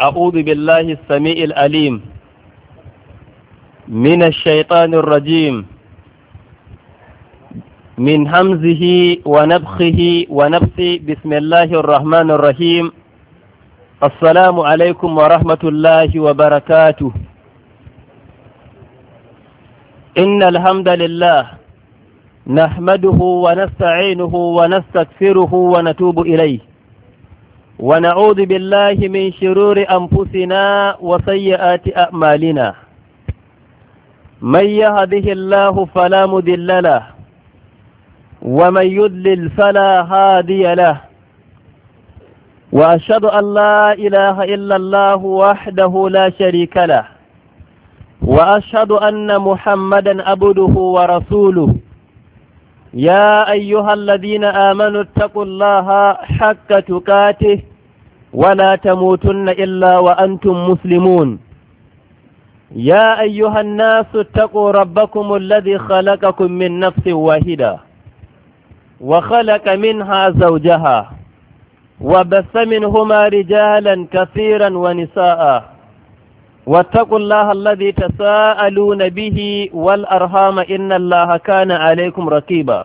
أعوذ بالله السميع الأليم من الشيطان الرجيم من همزه ونبخه ونبثه بسم الله الرحمن الرحيم السلام عليكم ورحمة الله وبركاته إن الحمد لله نحمده ونستعينه ونستغفره ونتوب إليه ونعوذ بالله من شرور أنفسنا وسيئات أعمالنا من يهده الله فلا مذل له ومن يذلل فلا هادي له وأشهد أن لا إله إلا الله وحده لا شريك له وأشهد أن محمدا عبده ورسوله يا أيها الذين آمنوا اتقوا الله حق تقاته ولا تموتن إلا وأنتم مسلمون يا أيها الناس اتقوا ربكم الذي خلقكم من نفس واحدة وخلق منها زوجها وبث منهما رجالا كثيرا ونساء واتقوا الله الذي تساءلون به والأرhام إن الله كان عليكم رقيبا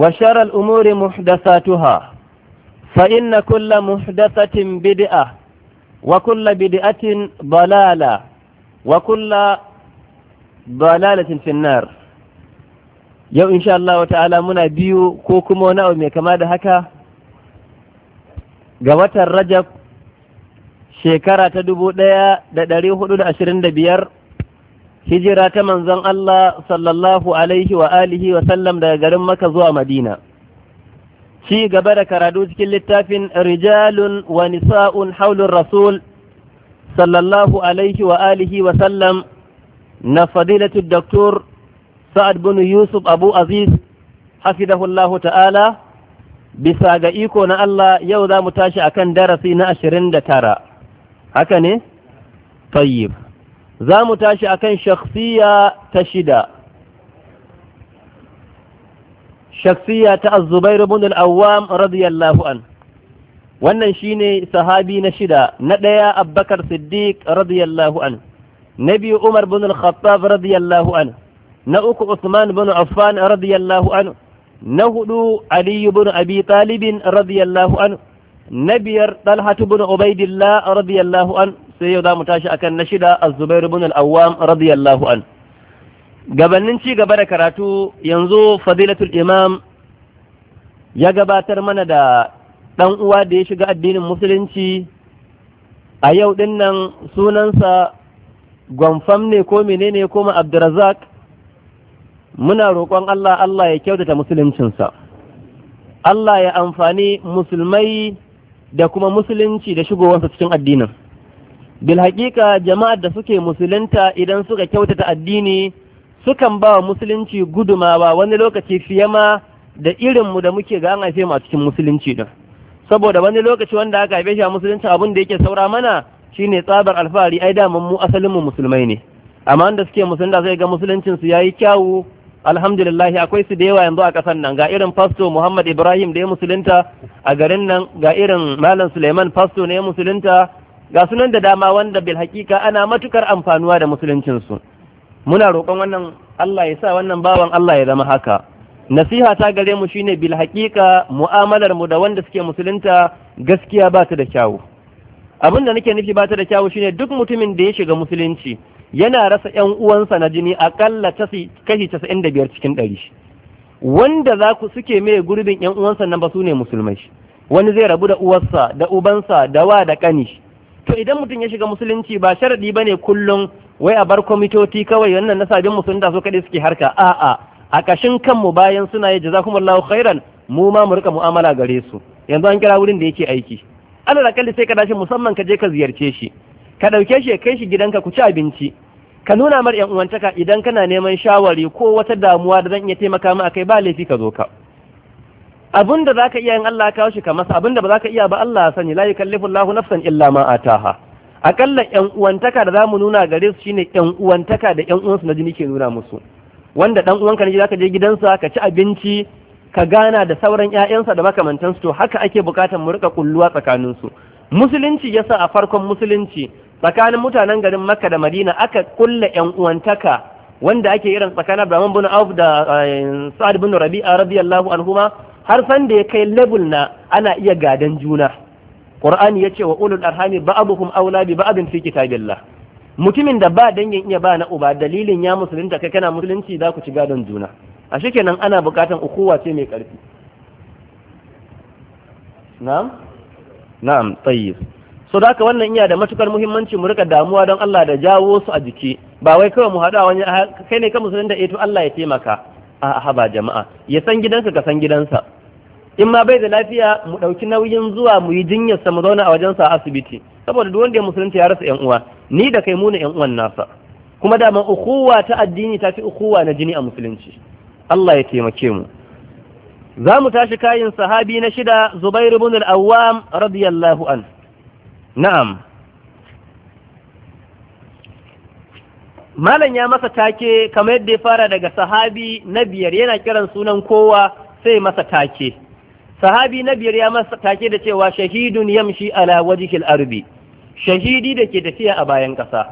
وشر الأمور محدثاتها فإن كل محدثة بدعة وكل بدعة ضلالة وكل ضلالة في النار yau insha Allah ta'ala muna biyu ko kuma wani mai kama da haka ga watan Rajab shekara ta dubu ɗaya da ɗari hudu da ashirin da biyar hijira ta manzon Allah sallallahu alaihi wa alihi wa sallam daga garin Makka zuwa Madina shi gaba da karatu cikin littafin rijalun wa nisa'un haulur rasul sallallahu alaihi wa alihi wa sallam na fadilatu doktor sa'ad bin yusuf abu aziz hafidahullahu ta'ala bisa ga iko na Allah yau za mu tashi akan darasi na ashirin da tara haka ne tayyib za mu tashi akan shakhsiya ta shida shakhsiya ta az-zubair ibn al-awwam radiyallahu an wannan shine sahabi na shida na daya abubakar siddiq radiyallahu an na biyu umar ibn al-khattab radiyallahu an na uku usman ibn affan radiyallahu an na hudu ali ibn abi talib radiyallahu an na biyar talha ibn ubaidillah radiyallahu an sai yau za mu tashi akan na shida a Zubairu ibn al-awwam radiyallahu an gabanin ci gaba da karatu yanzu fadilatul imam ya gabatar mana da ɗan uwa da ya shiga addinin musulunci a yau ɗin nan sunansa gwamfam ne ko menene ko abdurazak muna roƙon Allah Allah ya kyautata musuluncinsa Allah ya amfani musulmai da kuma musulunci da shigowarsa cikin addinin bil haƙiƙa jama'ar da suke musulunta idan suka kyautata addini sukan ba wa musulunci gudumawa wani lokaci fiye ma da irinmu da muke ga an haife mu a cikin musulunci din saboda wani lokaci wanda aka haife shi a musulunci abin da yake saura mana shine tsabar alfahari ai daman mu asalin mu musulmai ne amma wanda suke musulunta sai ga musuluncin su yayi kyawu alhamdulillah akwai su da yawa yanzu a kasan nan ga irin fasto Muhammad Ibrahim da ya musulunta a garin nan ga irin Malam Suleiman fasto ne ya musulunta ga sunan da dama wanda bil hakika ana matukar amfanuwa da musuluncinsu muna roƙon wannan Allah ya sa wannan bawan Allah ya zama haka nasiha ta gare mu shine bil hakika mu'amalar mu da wanda suke musulunta gaskiya ba ta da kyawu abin da nake nufi ba ta da kyawu shine duk mutumin da ya shiga musulunci yana rasa yan uwansa na jini akalla kashi casa'in da biyar cikin ɗari wanda za ku suke mai gurbin yan uwansa nan ba su ne musulmai wani zai rabu da uwarsa da ubansa da wa da ƙani to idan mutum ya shiga musulunci ba sharadi bane kullum wai a bar kwamitoci kawai wannan na sabin musulunta su kaɗai suke harka a'a a kashin kanmu bayan suna yi jazakumullahu khairan mu ma mu rika mu'amala gare su yanzu an kira wurin da yake aiki ana da kalli sai ka dace musamman ka je ka ziyarce shi ka ɗauke shi ya kai shi gidanka ku ci abinci ka nuna mar yan uwantaka idan kana neman shawari ko wata damuwa da zan iya taimaka ma kai, ba laifi ka zo ka Abin abinda zaka iya yin Allah kawo shi ka masa da ba ka iya ba Allah sani la yukallifu Allahu nafsan illa ma ataha akalla yan uwantaka da zamu nuna gare su shine yan uwantaka da yan uwansu na jini ke nuna musu wanda ɗan uwanka ne zaka je gidansa ka ci abinci ka gana da sauran ƴaƴansa da makamantansu to haka ake bukatar mu rika kulluwa tsakaninsu musulunci yasa a farkon musulunci tsakanin mutanen garin makka da madina aka kulla yan uwantaka wanda ake irin tsakanin Abraham bin auf da eh, sa'ad bin rabi'a radiyallahu anhuma har san da ya kai level na ana iya gadan juna qur'ani yace wa ulul arhami ba'dhum awla bi ba'dhin fi kitabillah mutumin da ba dangin iya ba na uba dalilin ya musulunta kai kana musulunci za ku ci gadon juna a nan ana bukatan ukuwa ce mai karfi na'am na'am tayyib so da wannan iya da matukar muhimmanci mu rika damuwa don Allah da jawo su a jiki ba wai kawai mu hadu a wani kai ne ka musulun da eh to Allah ya taimaka a haba jama'a ya san gidansa ka san gidansa in ma bai da lafiya mu ɗauki nauyin zuwa mu yi jinyar sa mu zauna a wajensa a asibiti saboda duk wanda ya musulunta ya rasa yan uwa ni da kai mu ne yan uwan nasa kuma dama ukuwa ta addini ta fi ukuwa na jini a musulunci Allah ya taimake mu za mu tashi kayan sahabi na shida Zubair ibn al-Awwam radiyallahu an na'am malam ya masa take kamar yadda ya fara daga sahabi na biyar yana kiran sunan kowa sai masa take sahabi na biyar ya masa take da cewa shahidun yamshi ala wajhil arbi shahidi da ke tafiya a bayan ƙasa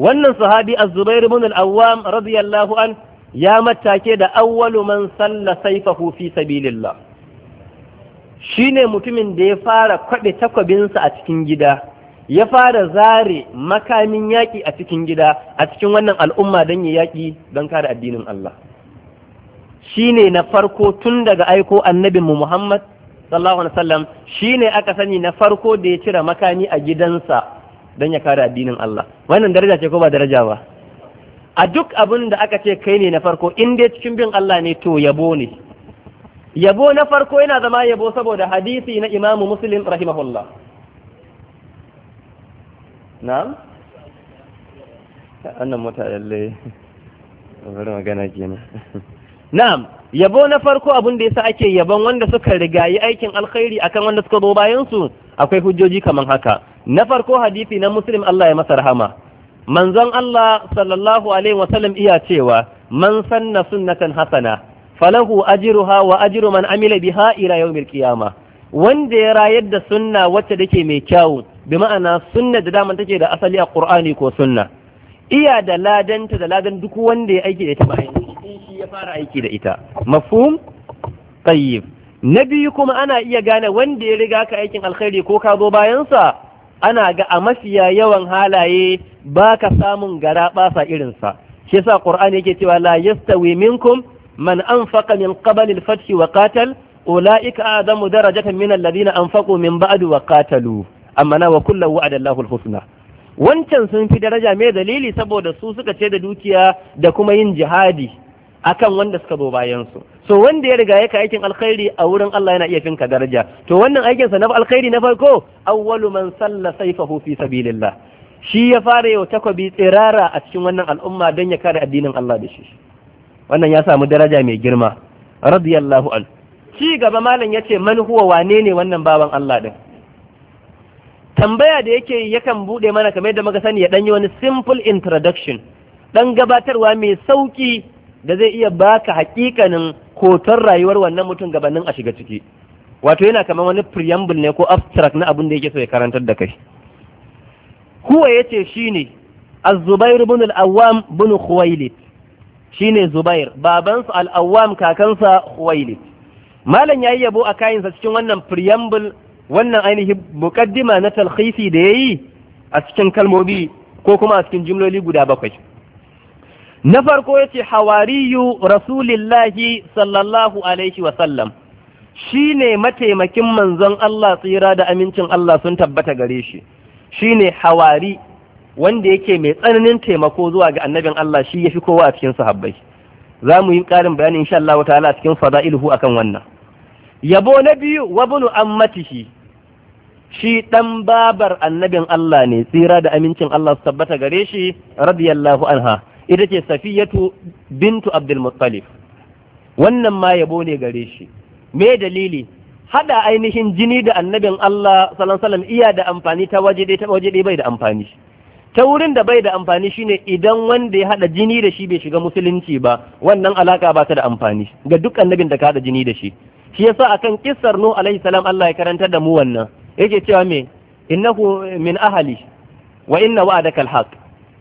wannan sahabi az-zubair ibn al-awwam radiyallahu an ya matake da awwalu man salla sayfahu fi sabilillah shine mutumin da ya fara kwabe takwabinsa a cikin gida ya fara zare makamin yaƙi a cikin gida a cikin wannan al'umma don ya yaƙi don kare addinin Allah shine na farko tun daga aiko annabin mu Muhammad sallallahu alaihi wasallam shine aka sani na farko da ya cire makami a gidansa don ya kare addinin Allah wannan daraja ce ko ba daraja ba a duk abin da aka ce kai ne na farko in dai cikin bin Allah ne to yabo ne yabo na farko yana zama yabo saboda hadisi na Imam muslim rahimahullah na'am annan mutane bari magana kenan na'am yabo na farko abin da yasa ake yabon wanda suka riga yi aikin alkhairi akan wanda suka zo bayan su akwai hujjoji kaman haka na farko hadisi na muslim Allah ya masa rahama manzon Allah sallallahu alaihi wasallam iya cewa man sanna sunnatan hasana falahu ajruha wa ajru man amila biha ila yawmil qiyamah wanda ya rayar da sunna wacce take mai kyawu bi ma'ana sunna da daman take da asali a qur'ani ko sunna iya da ladanta da ladan duk wanda ya aiki da ita bayan in shi ya fara aiki da ita mafhum tayyib na biyu kuma ana iya gane wanda ya riga ka aikin alkhairi ko ka zo bayansa ana ga a mafiya yawan halaye ba ka samun gara basa irinsa shi yasa qur'ani yake cewa la yastawi minkum man anfaqa min qabl al-fath wa qatal ulaika a'zamu darajatan min alladhina anfaqu min ba'd wa qatalu amma na wa kullu wa'ada al-husna wancan sun fi daraja mai dalili saboda su suka ce da dukiya da kuma yin jihadi akan wanda suka zo bayan su so wanda ya riga ya ka aikin alkhairi a wurin Allah yana iya finka daraja to wannan aikin sa na alkhairi na farko awwalu man salla sayfahu fi sabilillah shi ya fara yau takwabi tsirara a cikin wannan al'umma don ya kare addinin Allah da shi wannan ya samu daraja mai girma radiyallahu an ci gaba malam yace man huwa wane ne wannan baban Allah din tambaya da yake yakan bude mana kamar yadda muka sani ya danyi wani simple introduction dan gabatarwa mai sauki da zai iya baka hakikanin hoton rayuwar wannan mutum gabanin a shiga ciki wato yana kamar wani preamble ne ko abstract na abin da yake so ya karantar da kai huwa yace shine az-zubair ibn al-awwam ibn khuwailid shine zubair babansa al-awwam kakansa khuwailid malam ya yi yabo a kayansa cikin wannan preamble wannan ainihin muqaddima na talhisi da ya yi a cikin kalmomi ko kuma a cikin jimloli guda bakwai na farko ya ce hawariyu rasulillahi sallallahu alaihi wa sallam ne mataimakin manzon Allah tsira da amincin Allah sun tabbata gare shi Shi ne hawari wanda yake mai tsananin taimako zuwa ga annabin Allah shi ya fi kowa a cikin sahabbai za mu yi ƙarin bayani insha Allah ta'ala cikin fada'iluhu akan wannan yabo na biyu wa bunu ammatihi shi ɗan babar annabin Allah ne tsira da amincin Allah su tabbata gare shi radiyallahu anha ita ce safiyatu bintu abdul muttalib wannan ma yabo ne gare shi me dalili hada ainihin jini da annabin Allah sallallahu iya da amfani ta waje dai ta waje dai bai da amfani ta wurin da bai da amfani shine idan wanda ya hada jini da shi bai shiga musulunci ba wannan alaka ba ta da amfani ga duk annabin da ka hada jini da shi shi yasa akan kissar nu alaihi salam Allah ya karantar da mu wannan yake cewa me innahu min ahli wa inna wa'adaka alhaq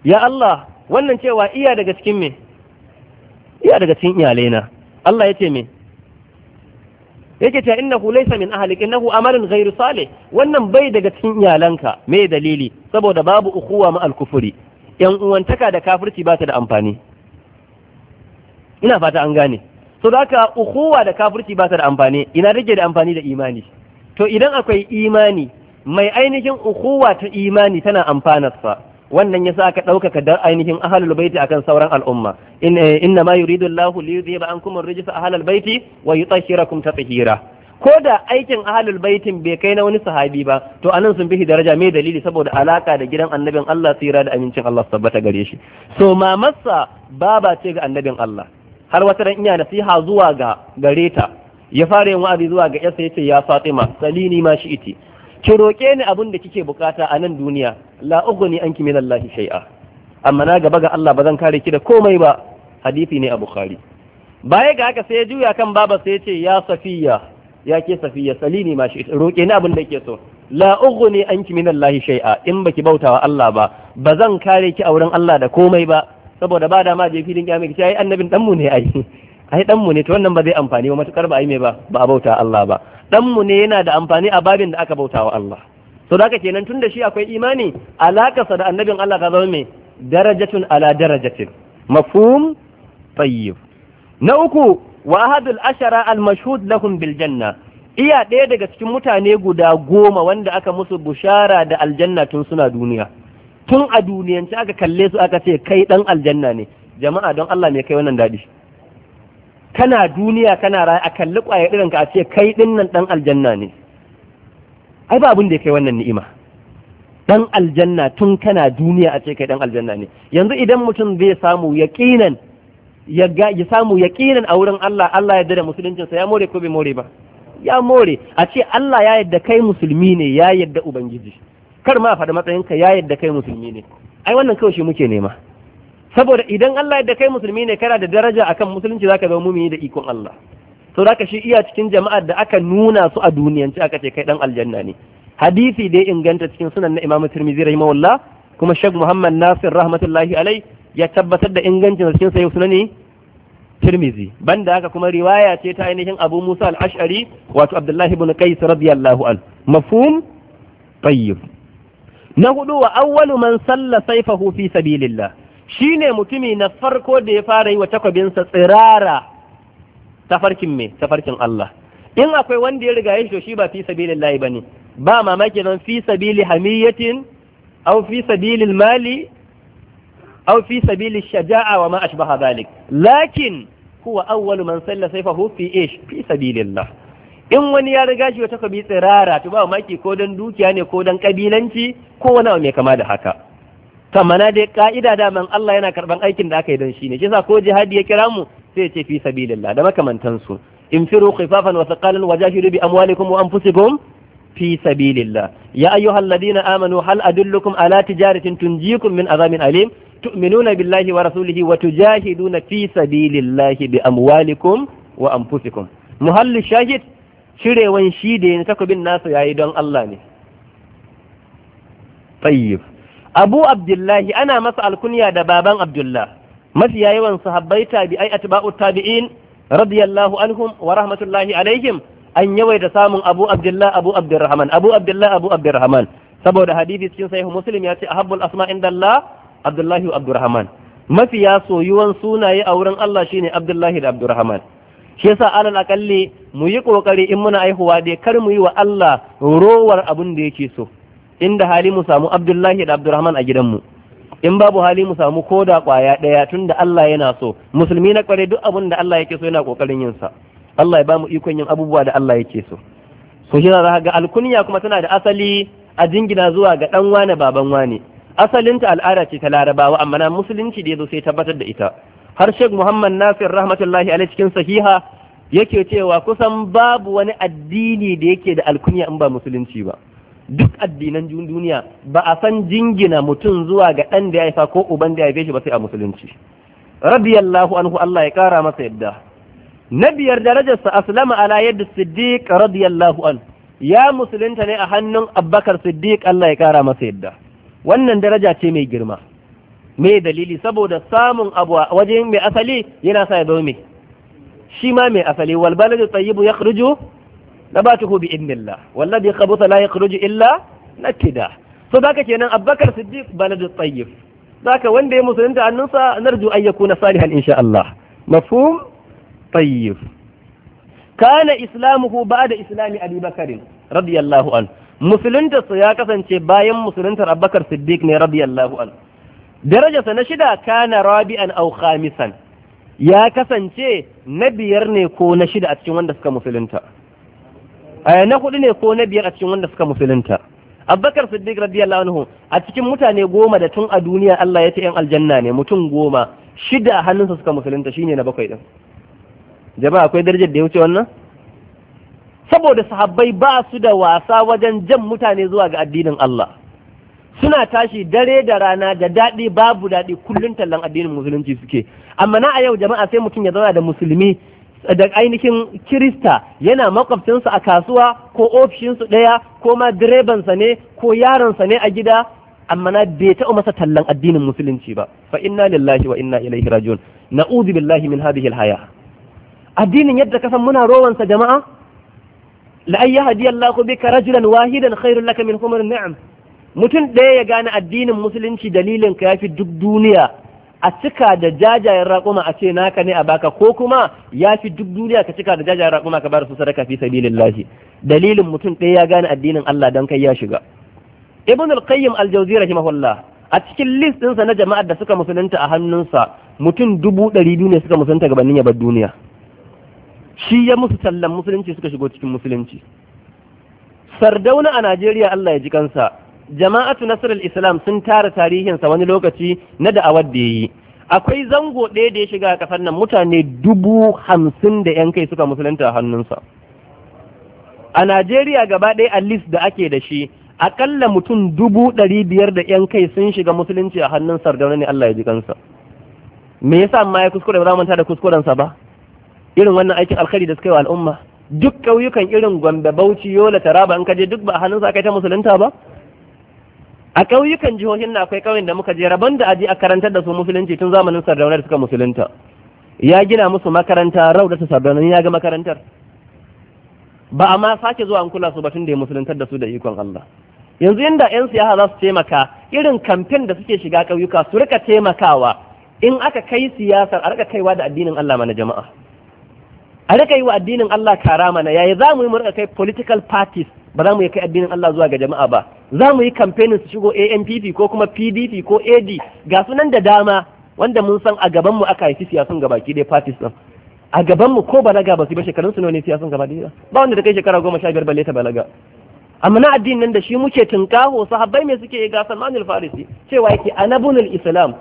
ya Allah wannan cewa iya daga cikin me iya daga cikin iyalaina Allah yace me yake inna hu laysa min ahlik innahu amalun ghairu salih wannan bai daga cikin iyalanka me dalili saboda babu ukhuwa ma al-kufri yan uwantaka da kafirci ba ta da amfani ina fata an gane so da haka ukhuwa da kafirci ba ta da amfani ina rage da amfani da imani to idan akwai imani mai ainihin ukhuwa ta imani tana amfanarsa wannan yasa aka ɗaukaka da ainihin ahalul baiti akan sauran al'umma eh, inna ma yuridu Allahu li yudhiba ankum ar-rijsa ahlal baiti wa yutahhirakum tatheera ko da aikin ahalul baitin bai kai na wani sahabi ba to anan sun bihi daraja mai dalili saboda alaka da gidan annabin Allah tsira da amincin Allah tabbata gare shi so mamarsa baba ce ga annabin Allah har wata ran iya nasiha zuwa ga gareta? ya fara yin wa'azi zuwa ga yarsa yace ya Fatima salini ma shi iti ki roƙe ni abin da kike bukata a nan duniya la ugni anki min Allah shay'a amma na gaba ga Allah ba zan kare ki da komai ba hadisi ne a Bukhari baya ga haka sai ya juya kan baba sai ya ce ya safiya ya ke safiya salini ma shi roƙe ni abin da kike so la ugni anki min Allah shay'a in baki bauta wa Allah ba ba zan kare ki a wurin Allah da komai ba saboda ba dama je filin kiyama ki ai annabin mu ne ai ai dan mu ne to wannan ba zai amfani ba matukar ba ai me ba ba bauta Allah ba dan mu ne yana da amfani a babin da aka bautawa Allah to da kenan tun da shi akwai imani alakarsa da annabin Allah ka zama mai darajatun ala darajatin mafhum tayyib na uku wa ahadul ashara al mashhud lahum bil janna iya ɗaya daga cikin mutane guda goma wanda aka musu bushara da aljanna tun suna duniya tun a duniyance aka kalle su aka ce kai dan aljanna ne jama'a don Allah me kai wannan dadi kana duniya kana raya a kalli ƙwaye irin ka a ce kai ɗin nan ɗan aljanna ne ai ba abin da ya kai wannan ni'ima ɗan aljanna tun kana duniya a ce kai ɗan aljanna ne yanzu idan mutum zai samu yaƙinan ya samu yaƙinan a wurin Allah Allah ya da musuluncinsa ya more ko bai more ba ya more a ce Allah ya yadda kai musulmi ne ya yadda ubangiji kar ma faɗi matsayinka ya yadda kai musulmi ne ai wannan kawai shi muke nema saboda idan Allah yadda kai musulmi ne kana da daraja akan musulunci zaka zama mumini da ikon Allah to zaka shi iya cikin jama'ar da aka nuna su a duniyanci aka ce kai dan aljanna ne hadisi da inganta cikin sunan na Imam Tirmidhi rahimahullah kuma Sheikh Muhammad Nasir rahmatullahi alai ya tabbatar da ingancin cikin sunan ne Tirmidhi banda haka kuma riwaya ce ta ainihin Abu Musa al-Ash'ari wato Abdullahi ibn Qais radiyallahu an mafhum tayyib na hudu wa awwalu man salla sayfahu fi sabilillah shi ne mutumi na farko da ya fara yi wa takwabinsa tsirara tafarkin me tafarkin Allah in akwai wanda ya riga ya shi ba fi sabilin layi ba ne. Ba mamaki don fi sabili hamiyatin au fi sabilin mali au fi sabili shaja'a wa ma ashbaha dhalik lakin huwa awwalu man salla sayfahu fi ish fi sabilillah in wani ya riga shi wata kabi tsirara to ba mamaki ko dan dukiya ne ko dan kabilanci ko wani abu mai kama da haka kamana dai ka'ida daman Allah yana karban aikin da aka yi don shi ne kisa ko jihadi ya kira mu sai ya ce fi sabilillah da makamantansu infiru khifafan wa thaqalan wa jahidu bi amwalikum wa anfusikum fi sabilillah ya ayyuhal ladina amanu hal adullukum ala tijaratin tunjikum min azamin alim tu'minuna billahi wa rasulihi wa tujahiduna fi sabilillah bi amwalikum wa anfusikum muhallu shahid cirewan shi da takubin nasu yayi don Allah ne tayyib abu abdullahi ana masa alkunya da baban abdullah mafiya yawan sahabbai tabi'ai atba'u tabi'in radiyallahu anhum wa rahmatullahi alaihim an yawaita samun abu abdullah abu abdurrahman abu abdullah abu abdurrahman saboda hadisi cikin sahih muslim ya ce ahabbul asma indallah abdullahi wa abdurrahman mafiya soyuwan sunaye a wurin Allah shine abdullahi da abdurrahman shi yasa alal akalli mu yi kokari in muna aihuwa dai kar mu yi wa Allah rowar abin da yake so inda hali mu samu abdullahi da abdurrahman a gidanmu in babu hali mu samu koda kwaya daya da Allah yana so musulmi na kware duk abin da Allah yake so yana kokarin yin sa Allah ya bamu ikon yin abubuwa da Allah yake so so shi za ga alkunya kuma tana da asali a jingina zuwa ga dan wane baban wane asalinta al'ada ce ta larabawa amma na musulunci da ya zo sai tabbatar da ita har shek Muhammad Nasir rahmatullahi alaihi cikin sahiha yake cewa kusan babu wani addini da yake da alkunya in ba musulunci ba duk addinan duniya ba a san jingina mutum zuwa ga ɗan da ya haifa ko uban da ya haife shi ba sai a musulunci radiyallahu anhu Allah ya kara masa yadda na biyar sa aslama ala yadda siddiq radiyallahu an ya musulunta ne a hannun abbakar siddiq Allah ya kara masa yadda wannan daraja ce mai girma me dalili saboda samun abu a wajen mai asali yana sa ya zo mai shi ma mai asali wal baladu tayyibu yakhruju nabatuhu bi idnillah wallazi khabutha la yakhruju illa nakida so zaka kenan Abubakar Siddiq baladu tayyib zaka wanda ya musulunta hannunsa narju an yakuna salihan insha Allah mafhum tayyib kana islamuhu ba'da islami Abi Bakr, radiyallahu an musulunta ya kasance bayan musuluntar Abubakar Siddiq ne radiyallahu an darajarsa na shida kana rabi'an aw khamisan ya kasance na biyar ne ko na shida a cikin wanda suka musulunta Eh, na hudu ne ko na biyar a cikin wanda suka musulunta Abubakar Siddiq radiyallahu anhu a cikin mutane goma da tun a duniya Allah ya ce yan aljanna ne mutum goma shida hannunsa suka musulunta shine na bakwai din jama'a akwai darajar da ya wuce wannan saboda sahabbai ba su da wasa wajen jan mutane zuwa ga addinin Allah suna tashi dare da rana da daɗi babu daɗi kullum tallan addinin musulunci suke amma na a yau jama'a sai mutum ya zauna da musulmi da ainihin kirista yana makwabcinsa a kasuwa ko ofishinsu ɗaya ko ma direbansa ne ko yaransa ne a gida amma na bai taɓa masa tallan addinin musulunci ba fa inna lillahi wa inna ilaihi rajiun na'udhu billahi min hadhihi alhaya addinin yadda kasan muna rowansa jama'a la ay yahdiyallahu bika rajulan wahidan khairul laka min humrin ni'am mutum ɗaya ya gane addinin musulunci dalilin ka yafi duk duniya a cika da jajayen raƙuma a ce naka ne a baka ko kuma ya fi duk duniya ka cika da jajayen raƙuma ka bar su sadaka fi sabilillahi dalilin mutum ɗaya ya gane addinin Allah don kai ya shiga ibn al-qayyim al-jawzi rahimahullah a cikin list ɗinsa na jama'ar da suka musulunta a hannunsa mutum dubu ɗari biyu ne suka musulunta gabanin ya bar duniya shi ya musu tallan musulunci suka shigo cikin musulunci sardauna a najeriya allah ya ji kansa jama'atu nasarar islam sun tara tarihinsa wani lokaci na da'awar da ya yi akwai zango ɗaya da ya shiga a nan mutane dubu hamsin da yan kai suka musulunta a hannunsa a najeriya gaba ɗaya a list da ake da shi akalla mutum dubu ɗari biyar da yan kai sun shiga musulunci a hannun sardauna ne allah ya ji kansa me yasa ma ya kuskure ba manta da kuskurensa ba irin wannan aikin alkhairi da suka yi wa al'umma duk ƙauyukan irin gombe bauchi yola taraba in ka je duk ba a hannunsa aka ta musulunta ba a ƙauyukan jihohin na akwai ƙauyen da muka je rabon da aji a karantar da su musulunci tun zamanin sardaunar da suka musulunta ya gina musu makaranta rauda ta sardaunar ya ga makarantar ba a ma sake zuwa an kula su batun da ya musuluntar da su da ikon Allah yanzu inda 'yan siyasa za su taimaka irin kamfen da suke shiga ƙauyuka su rika taimakawa in aka kai siyasar a rika kaiwa da addinin Allah mana jama'a a rika yi wa addinin Allah kara mana yayi za mu yi mu rika kai political parties ba za mu yi kai addinin Allah zuwa ga jama'a ba za mu yi kamfenin su shigo ANPP ko kuma PDP ko AD ga sunan da dama wanda mun san a gabanmu aka haifi siyasun gabaki dai parties din a gabanmu ko balaga ba su ba shekarun su ne siyasun gaba dai ba wanda da kai shekara goma sha biyar balleta balaga amma na addinin nan da shi muke tunkaho sahabbai me suke ga Salmanul Farisi cewa yake anabunul Islam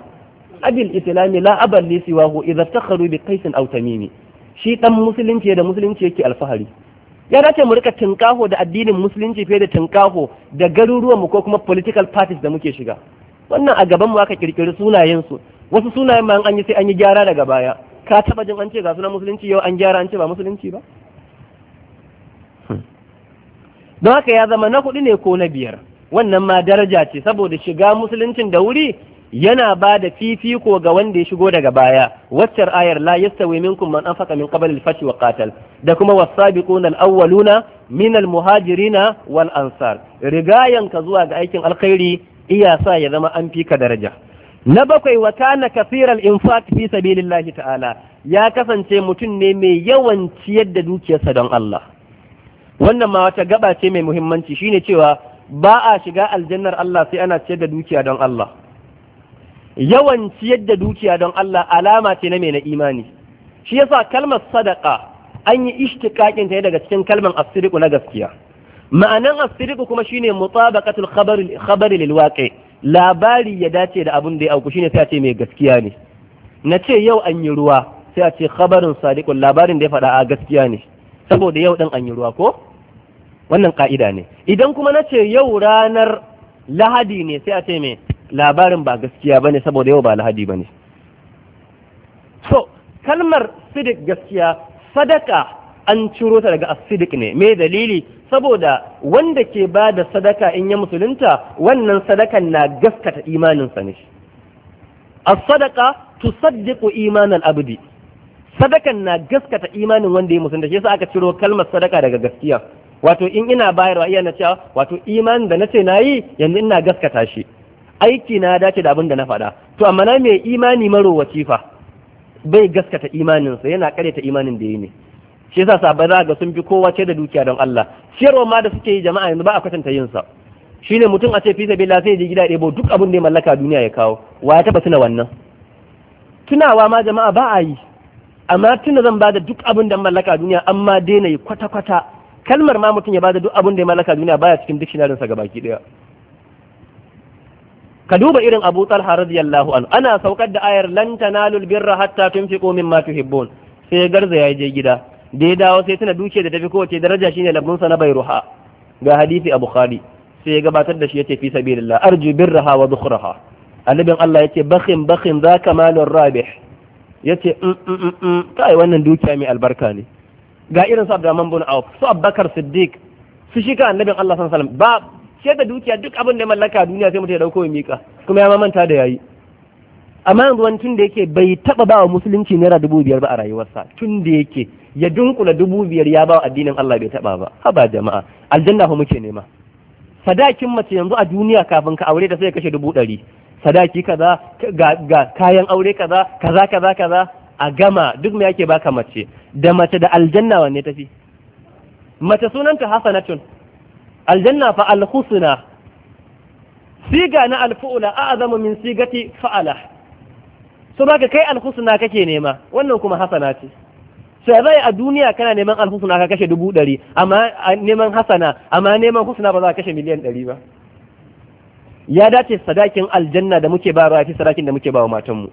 abil islami la abal li siwahu idza takharu bi qaisin aw tamimi shi dan musulunci da musulunci yake alfahari ya dace mu rika tunƙaho da addinin musulunci fiye da tunƙaho da garuruwan mu ko kuma political parties da muke shiga wannan a gaban mu aka kirkiri sunayen su wasu sunayen ma an yi sai an yi gyara daga baya ka taba jin an ce ga sunan musulunci yau an gyara an ce ba musulunci ba hmm. don haka ya zama na kuɗi ne ko na biyar wannan ma daraja ce saboda shiga musuluncin da wuri yana ba da fifiko ga wanda ya shigo daga baya waccar ayar la yastawi minkum man anfaqa min qabl al wa qatal da kuma was al-awwaluna min al-muhajirina wal ansar rigayan ka zuwa ga aikin alkhairi iya sa ya zama an ka daraja na bakwai wa kana al infaq fi sabilillahi ta'ala ya kasance mutum ne mai yawan ciyar da dukiyarsa don Allah wannan ma wata gaba ce mai muhimmanci shine cewa ba a shiga aljannar Allah sai ana ciyar da dukiya don Allah yawan ciyar da dukiya don Allah alama ce na mai na imani shi yasa kalmar sadaka an yi ishtiqaqin ta daga cikin kalmar asiriku na gaskiya ma'anan asiriku kuma shine mutabaqatul khabari khabari lil waqi labari ya dace da abun da ya auku shine sai a ce mai gaskiya ne na ce yau an yi ruwa sai a ce khabarin sadiqun labarin da ya faɗa a gaskiya ne saboda yau ɗin an yi ruwa ko wannan ka'ida ne idan kuma na ce yau ranar lahadi ne sai a ce mai labarin ba gaskiya bane saboda yau ba lahadi bane so kalmar sidik gaskiya sadaka an ciro ta daga asidik ne me dalili saboda wanda ke ba da sadaka in ya musulunta wannan sadakan na gaskata imaninsa ne as-sadaqa tusaddiqu imanan abdi sadakan na gaskata imanin wanda ya musulunta shi yasa aka ciro kalmar sadaka daga gaskiya wato in ina bayarwa iya na cewa wato imanin da na ce na yi yanzu ina gaskata shi aiki na dace da abin da na faɗa to amma na mai imani maro fa bai gaskata imaninsa yana karyata imanin da yi ne shi yasa sabai za ga sun fi kowa ce da dukiya don Allah ciyarwa ma da suke yi jama'a yanzu ba a kwatanta yin sa shine mutum a ce fi sabila sai je gida ɗebo duk abin da ya mallaka duniya ya kawo wa ya taba tuna wannan tunawa ma jama'a ba a yi amma tuna zan bada duk abin da mallaka duniya amma daina yi kwata kwata kalmar ma mutum ya bada duk abin da ya mallaka duniya baya cikin dictionary sa baki daya ka duba irin Abu Talha radiyallahu anhu ana saukar da ayar lan tanalul birra hatta tunfiqu mimma tuhibbun sai garza ya je gida da ya dawo sai tana duke da tafi kowace daraja shine labnun sa na ruha. ga hadisi Abu-Khali. sai ya gabatar da shi yace fi sabilillah arju birraha wa dhukhraha annabin Allah yace bakhin bakhin zaka malur rabih yace mm, mm, mm, kai wannan dukiya mai albarka ne ga irin su Abdurrahman bin Auf su Abubakar Siddiq su shi ka annabin Allah sallallahu alaihi wasallam ba ce da dukiya duk abin da mallaka a duniya sai mutum ya dauko ya mika kuma ya mamanta da yayi amma yanzu wani tun da yake bai taba ba wa musulunci naira dubu biyar ba a rayuwarsa tun da yake ya dunkula dubu biyar ya ba wa addinin Allah bai taba ba haba jama'a aljanna fa muke nema sadakin mace yanzu a duniya kafin ka aure ta sai kashe dubu ɗari sadaki kaza ga, kayan aure kaza kaza kaza kaza a gama duk me yake baka mace da mace da aljanna wanne tafi mace sunanta hasanatun aljanna fa alhusna siga na alfu'ula a'zamu min sigati fa'ala so baka kai alhusna kake nema wannan kuma hasana ce sai zai a duniya kana neman alhusna ka kashe dubu ɗari amma neman hasana amma neman husna ba za ka kashe miliyan ɗari ba ya dace sadakin aljanna da muke ba fi sadakin da muke ba wa matanmu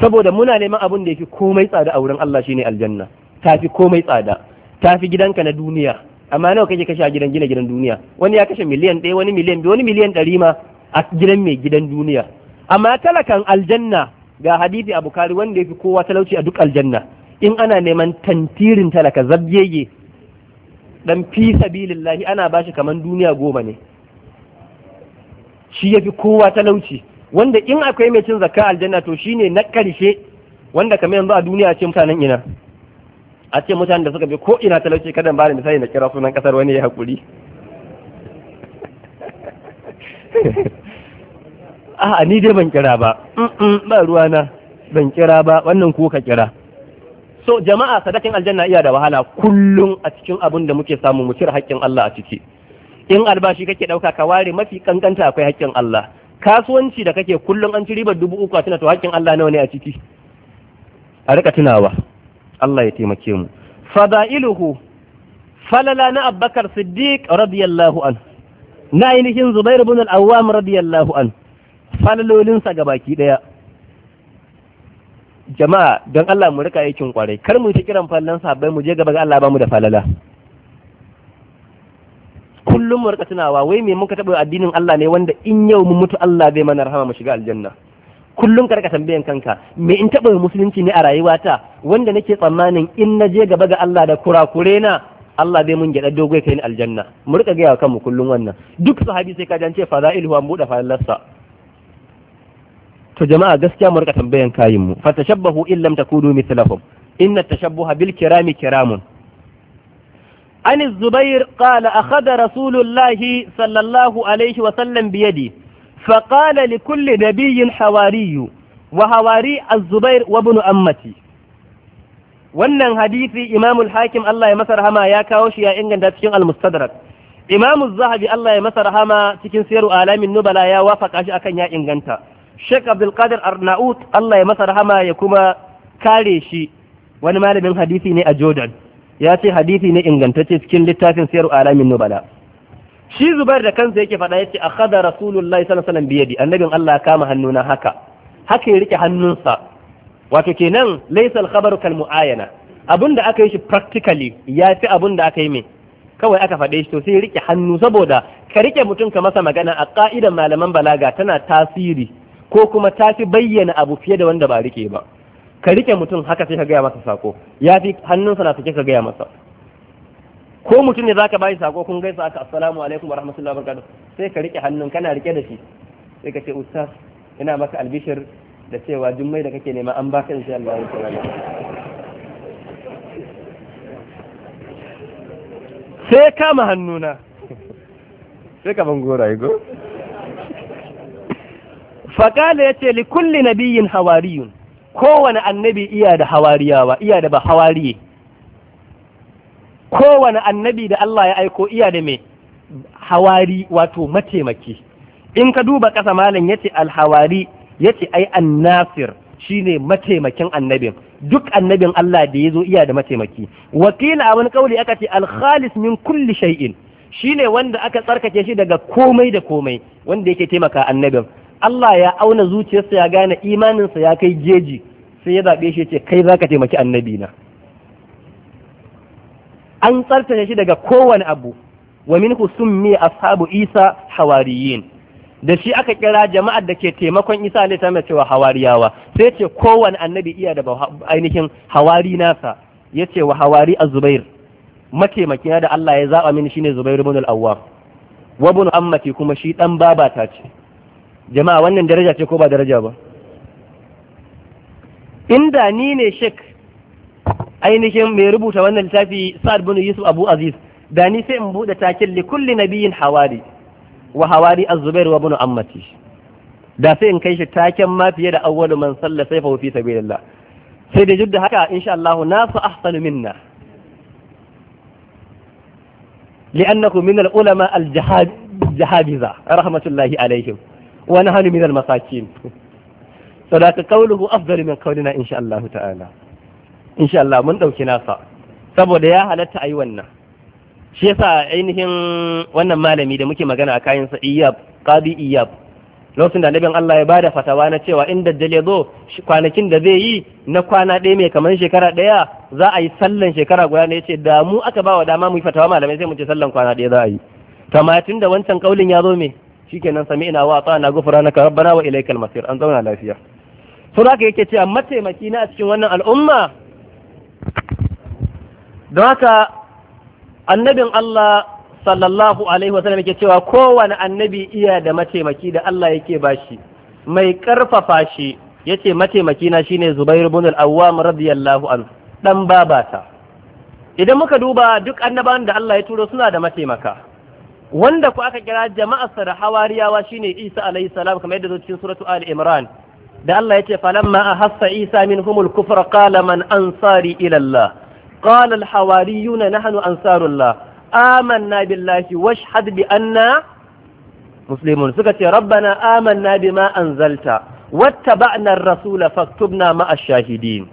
saboda muna neman abin da yake komai tsada a wurin Allah shine aljanna tafi komai tsada tafi gidanka na duniya amma nawa kake kashe a gidan gina gidan duniya wani ya kashe miliyan ɗaya wani miliyan biyu wani miliyan ɗari ma a gidan mai gidan duniya amma talakan aljanna ga hadisi abu kari wanda ya fi kowa talauci a duk aljanna in ana neman tantirin talaka zabyeye dan fi sabilillahi ana bashi kaman duniya goma ne shi ya fi kowa talauci wanda in akwai mai cin zakka aljanna to shine na karshe wanda kamar yanzu a duniya ce mutanen ina a ce mutane da suka bi ko ina talauci kada ba ni misali na kira sunan kasar wani ya hakuri a'a ni dai ban kira ba ba ruwana ban kira ba wannan ko ka kira so jama'a sadakin aljanna iya da wahala kullum a cikin abin da muke samu mu cire haƙƙin Allah a ciki in albashi kake ɗauka ka ware mafi kankanta akwai haƙƙin Allah kasuwanci da kake kullum an ci ribar dubu uku a tuna to haƙƙin Allah nawa ne a ciki a rika tunawa Allah ya taimake mu fada'iluhu falala na abbakar siddiq radiyallahu an na ainihin zubair ibn al-awwam radiyallahu an falalolinsa ga baki daya jama'a don Allah mu rika aikin kwarai kar mu yi kiran fallan sabai mu je gaba ga Allah ba mu da falala kullum mu rika tunawa wai me muka taɓa addinin Allah ne wanda in yau mu mutu Allah zai mana rahama mu shiga aljanna kullum ka tambayan kanka me in taɓa musulunci ne a rayuwata wanda nake tsammanin in na je gaba ga Allah da kurakure na Allah zai mun gyaɗa dogo kai ni aljanna mu rika gaya kanmu kullum wannan duk sahabi sai ka ji an ce fada'ilu an buɗe falallarsa to jama'a gaskiya mu rika tambayan kayin mu fatashabbahu in lam takunu mithlahum inna tashabbuha bil kirami kiramun عن الزبير قال أخذ رسول الله صلى الله عليه وسلم بيدي فقال لكل نبي حواري وحواري الزبير وابن أمتي wannan hadisi imamul hakim Allah ya masa rahama ya kawo shi ya inganta cikin al-mustadrak imamu zahabi Allah ya masa rahama cikin siru alamin nubala ya wafaka shi akan ya inganta Sheikh Abdul Qadir Arnaut Allah ya masa rahama ya kuma kare shi wani malamin hadisi ne a Jordan ya ce hadisi ne ingantacce cikin littafin siru alamin nubala shi zubar da kansa yake faɗa yace akhadha rasulullahi sallallahu alaihi wasallam biyadi annabin Allah kama hannuna haka haka ya rike hannunsa wato kenan laysa al-khabaru kal muayana abinda aka yi shi practically yafi da aka yi mai kawai aka faɗe shi to sai rike hannu saboda ka rike mutum ka masa magana a ka'idan malaman balaga tana tasiri ko kuma ta fi bayyana abu fiye da wanda ba rike ba ka rike mutum haka sai ka gaya masa sako ya fi hannunsa na sake ka gaya masa ko mutum ne zaka bayi sako kun gaisa aka assalamu alaikum wa rahmatullahi wa barakatuh sai ka rike hannun kana rike da shi sai ka ce ustaz ina maka albishir da cewa jummai da kake nema an baka insha Allah sai kama hannuna sai ka bangora yago fakala yace li kulli nabiyyin hawariyun kowane annabi iya da hawariyawa iya da ba hawariye kowane annabi da Allah ya aiko iya da mai hawari wato mataimaki in ka duba ƙasa malam yace alhawari yace ai annasir shine mataimakin annabin duk annabin Allah da ya zo iya da mataimaki wakila a wani kauli aka ce alkhalis min kulli shi ne wanda aka tsarkake shi daga komai da komai wanda yake taimaka annabin Allah ya auna zuciyarsa ya gane imaninsa ya kai jeji sai ya zaɓe shi ya ce kai zaka taimaki annabi na an tsartace shi daga kowane abu wa minhu summi ashabu isa hawariyin da shi aka kira jama'ar da ke taimakon isa ne ta cewa hawariyawa sai ce kowane annabi iya da ainihin hawari nasa ya ce wa hawari a zubair mataimakina da Allah ya zaba mini shine zubair ibn al-awwam wa ibn kuma shi dan ta ce jama'a wannan daraja ce ko ba daraja ba inda ni ne shek ainihin mai rubuta wannan littafi Sa'ad bin Yusuf Abu Aziz da ni sai in bude takin li kulli nabiyyin hawari wa hawari az-Zubair wa ibn Ammati da sai in kai shi taken ma fiye da awwalu man salla sayfa fi sabilillah sai da jidda haka insha Allah na fa ahsanu minna لأنه من العلماء الجهابذة رحمة الله عليهم ونحن من المساكين فذاك قوله أفضل من قولنا إن شاء الله تعالى insha Allah mun ɗauki nasa saboda ya halatta a yi wannan shi yasa ainihin wannan malami da muke magana a kayan sa iyab qadi iyab lokacin da nabin Allah ya bada fatawa na cewa in dale zo kwanakin da zai yi na kwana ɗaya mai kamar shekara ɗaya za a yi sallan shekara guda ne yace da mu aka ba wa dama mu yi fatawa malamai sai mu ce sallan kwana ɗaya za a yi tamatin da wancan kaulin ya zo me shikenan sami'na wa ata'na ghufranaka rabbana wa ilaikal masir an zauna lafiya sura haka yake cewa mataimaki na a cikin wannan al'umma don haka annabin Allah sallallahu alaihi wasallam yake cewa kowane annabi iya da mataimaki da Allah yake bashi mai ƙarfafa shi yace mataimaki na shine Zubair ibn al-Awwam radiyallahu anhu dan babata idan muka duba duk annaban da Allah ya turo suna da mataimaka wanda ku aka kira jama'ar sarhawariyawa da hawariyawa shine Isa alaihi salam kamar yadda zo cikin suratu Ali Imran da Allah ya ce falamma ahassa Isa minhumul kufra qala man ansari ila Allah qala al hawariyuna nahnu ansarullah amanna billahi washhad bi anna muslimun suka ce rabbana amanna bima anzalta wattaba'na ar-rasula faktubna ma ash-shahidin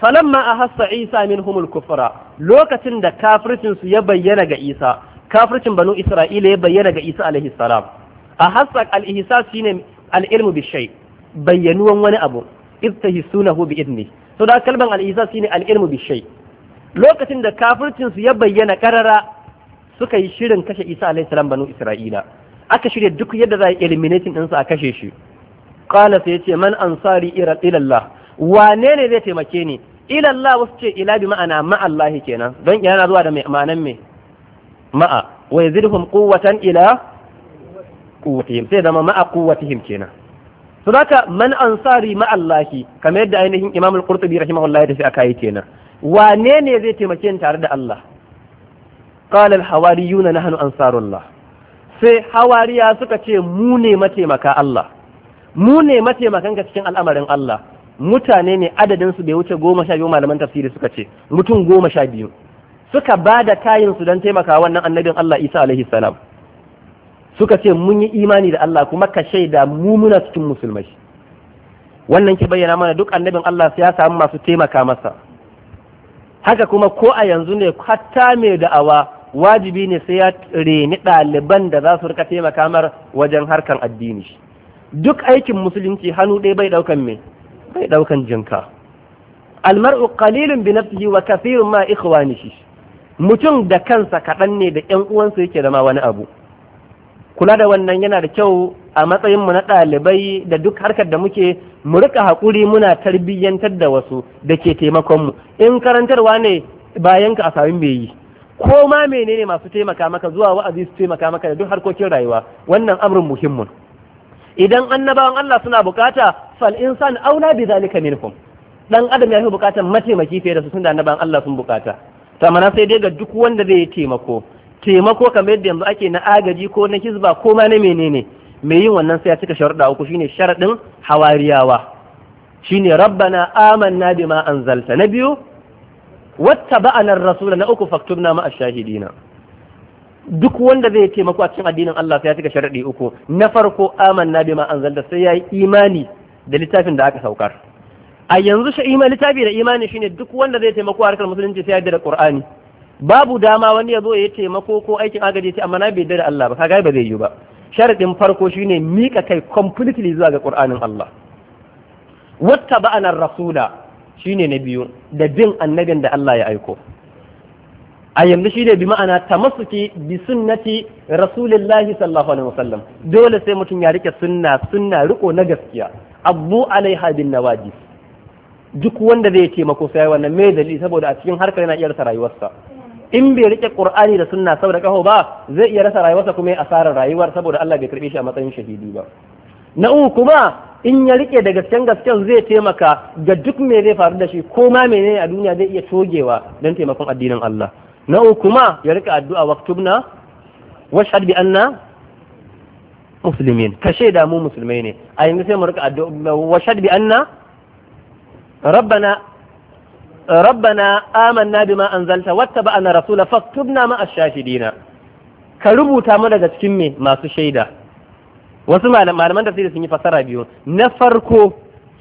falamma ahassa Isa minhumul kufra lokacin da kafircin su ya bayyana ga Isa kafircin banu Isra'ila ya bayyana ga Isa alaihi salam ahassa al-ihsas shine al-ilmu bi shay' bayyanuwan wani abu istahisunahu bi idni so da kalban al-ihsas shine al-ilmu bi shay lokacin da kafircin ya bayyana karara suka yi shirin kashe Isa alaihi salam banu Isra'ila aka shirya duk yadda za a eliminating din su a kashe shi qala ya ce man ansari ila Allah wane ne zai taimake ni ila Allah wasu ce ila bi ma'ana ma Allah kenan don yana zuwa da ma'anan me ma'a wa yazidhum quwwatan ila quwwatihim sai zama ma'a quwwatihim kenan sunaka man ansari ma Allahi kamar yadda ainihin Imam Al-Qurtubi da shi aka yi kenan wane ne zai taimake ni tare da Allah qala al-hawariyuna nahnu ansarullah sai hawariya suka ce mu ne mataimaka Allah mu ne mataimakan ka cikin al'amarin Allah mutane ne adadin su bai wuce goma sha biyu malaman tafsiri suka ce mutum goma sha biyu suka ba da kayin su don taimaka wannan annabin Allah Isa alaihi salam suka ce mun yi imani da Allah kuma ka shaida mu muna cikin musulmai wannan ki bayyana mana duk annabin Allah ya samu masu taimaka masa haka kuma ko a yanzu ne hatta mai da'awa wajibi ne sai ya reni ɗaliban da za su rika taimaka mar wajen harkan addini duk aikin musulunci hannu ɗaya bai ɗaukan me bai ɗaukan jinka almar'u qalilun bi nafsihi wa kathirun ma ikhwanihi mutum da kansa kaɗan ne da ƴan uwansa yake da ma wani abu kula da wannan yana da kyau a matsayinmu na ɗalibai da duk harkar da muke mu rika haƙuri muna tarbiyyantar da wasu da ke taimakonmu in karantarwa ne bayan ka a sami mai yi ko ma menene masu taimaka maka zuwa wa'azi su taimaka maka da duk harkokin rayuwa wannan amrin muhimmin idan annabawan Allah suna bukata fal insan auna bi zalika minkum dan adam ya fi bukatar mataimaki fiye da su tunda annabawan Allah sun bukata to sai dai ga duk wanda zai taimako taimako kamar yadda yanzu ake na agaji ko na hizba ko ma na menene mai yin wannan sai ya cika sharuɗa uku shine sharaɗin hawariyawa shine rabbana amanna bima anzalta na biyu wattaba'ana rasula na uku faktubna ma shahidina. duk wanda zai taimako a cikin addinin Allah sai ya cika sharaɗi uku na farko amanna bima anzalta sai ya yi imani da littafin da aka saukar a yanzu shi imani littafi da imani shine duk wanda zai taimako a harkar musulunci sai ya yarda da Qur'ani babu dama wani ya zo ya taimako ko aikin agaji ce amma na bai da Allah ba kaga ba zai yi ba sharadin farko shine mika kai completely zuwa ga Qur'anin Allah wata ba'ana rasula shine na biyu da bin annabin da Allah ya aiko a yanzu shi ne bi ma'ana ta tamassuki bi sunnati rasulillahi sallallahu alaihi wasallam dole sai mutum ya rike sunna sunna riko na gaskiya abu alaiha bin nawajis duk wanda zai taimako sai wannan mai dalili saboda a cikin harkar yana iya rasa rayuwarsa in bai rike qur'ani da sunna saboda kaho ba zai iya rasa rayuwarsa kuma ya asarar rayuwar saboda Allah bai karbe shi a matsayin shahidi ba na uku kuma in ya rike da gasken gasken zai taimaka ga duk mai zai faru da shi ko ma menene a duniya zai iya togewa don taimakon addinin Allah na uku kuma ya rika addu'a waktubna washhad bi anna muslimin ka shaida mu musulmai ne a yanzu sai mu rika addu'a washhad bi anna ربنا rabbana amanna bima anzalta wattaba'na rasula faktubna ma ash-shahidina ka rubuta mu daga cikin me masu shaida wasu malaman tafsiri sun yi fasara biyu na farko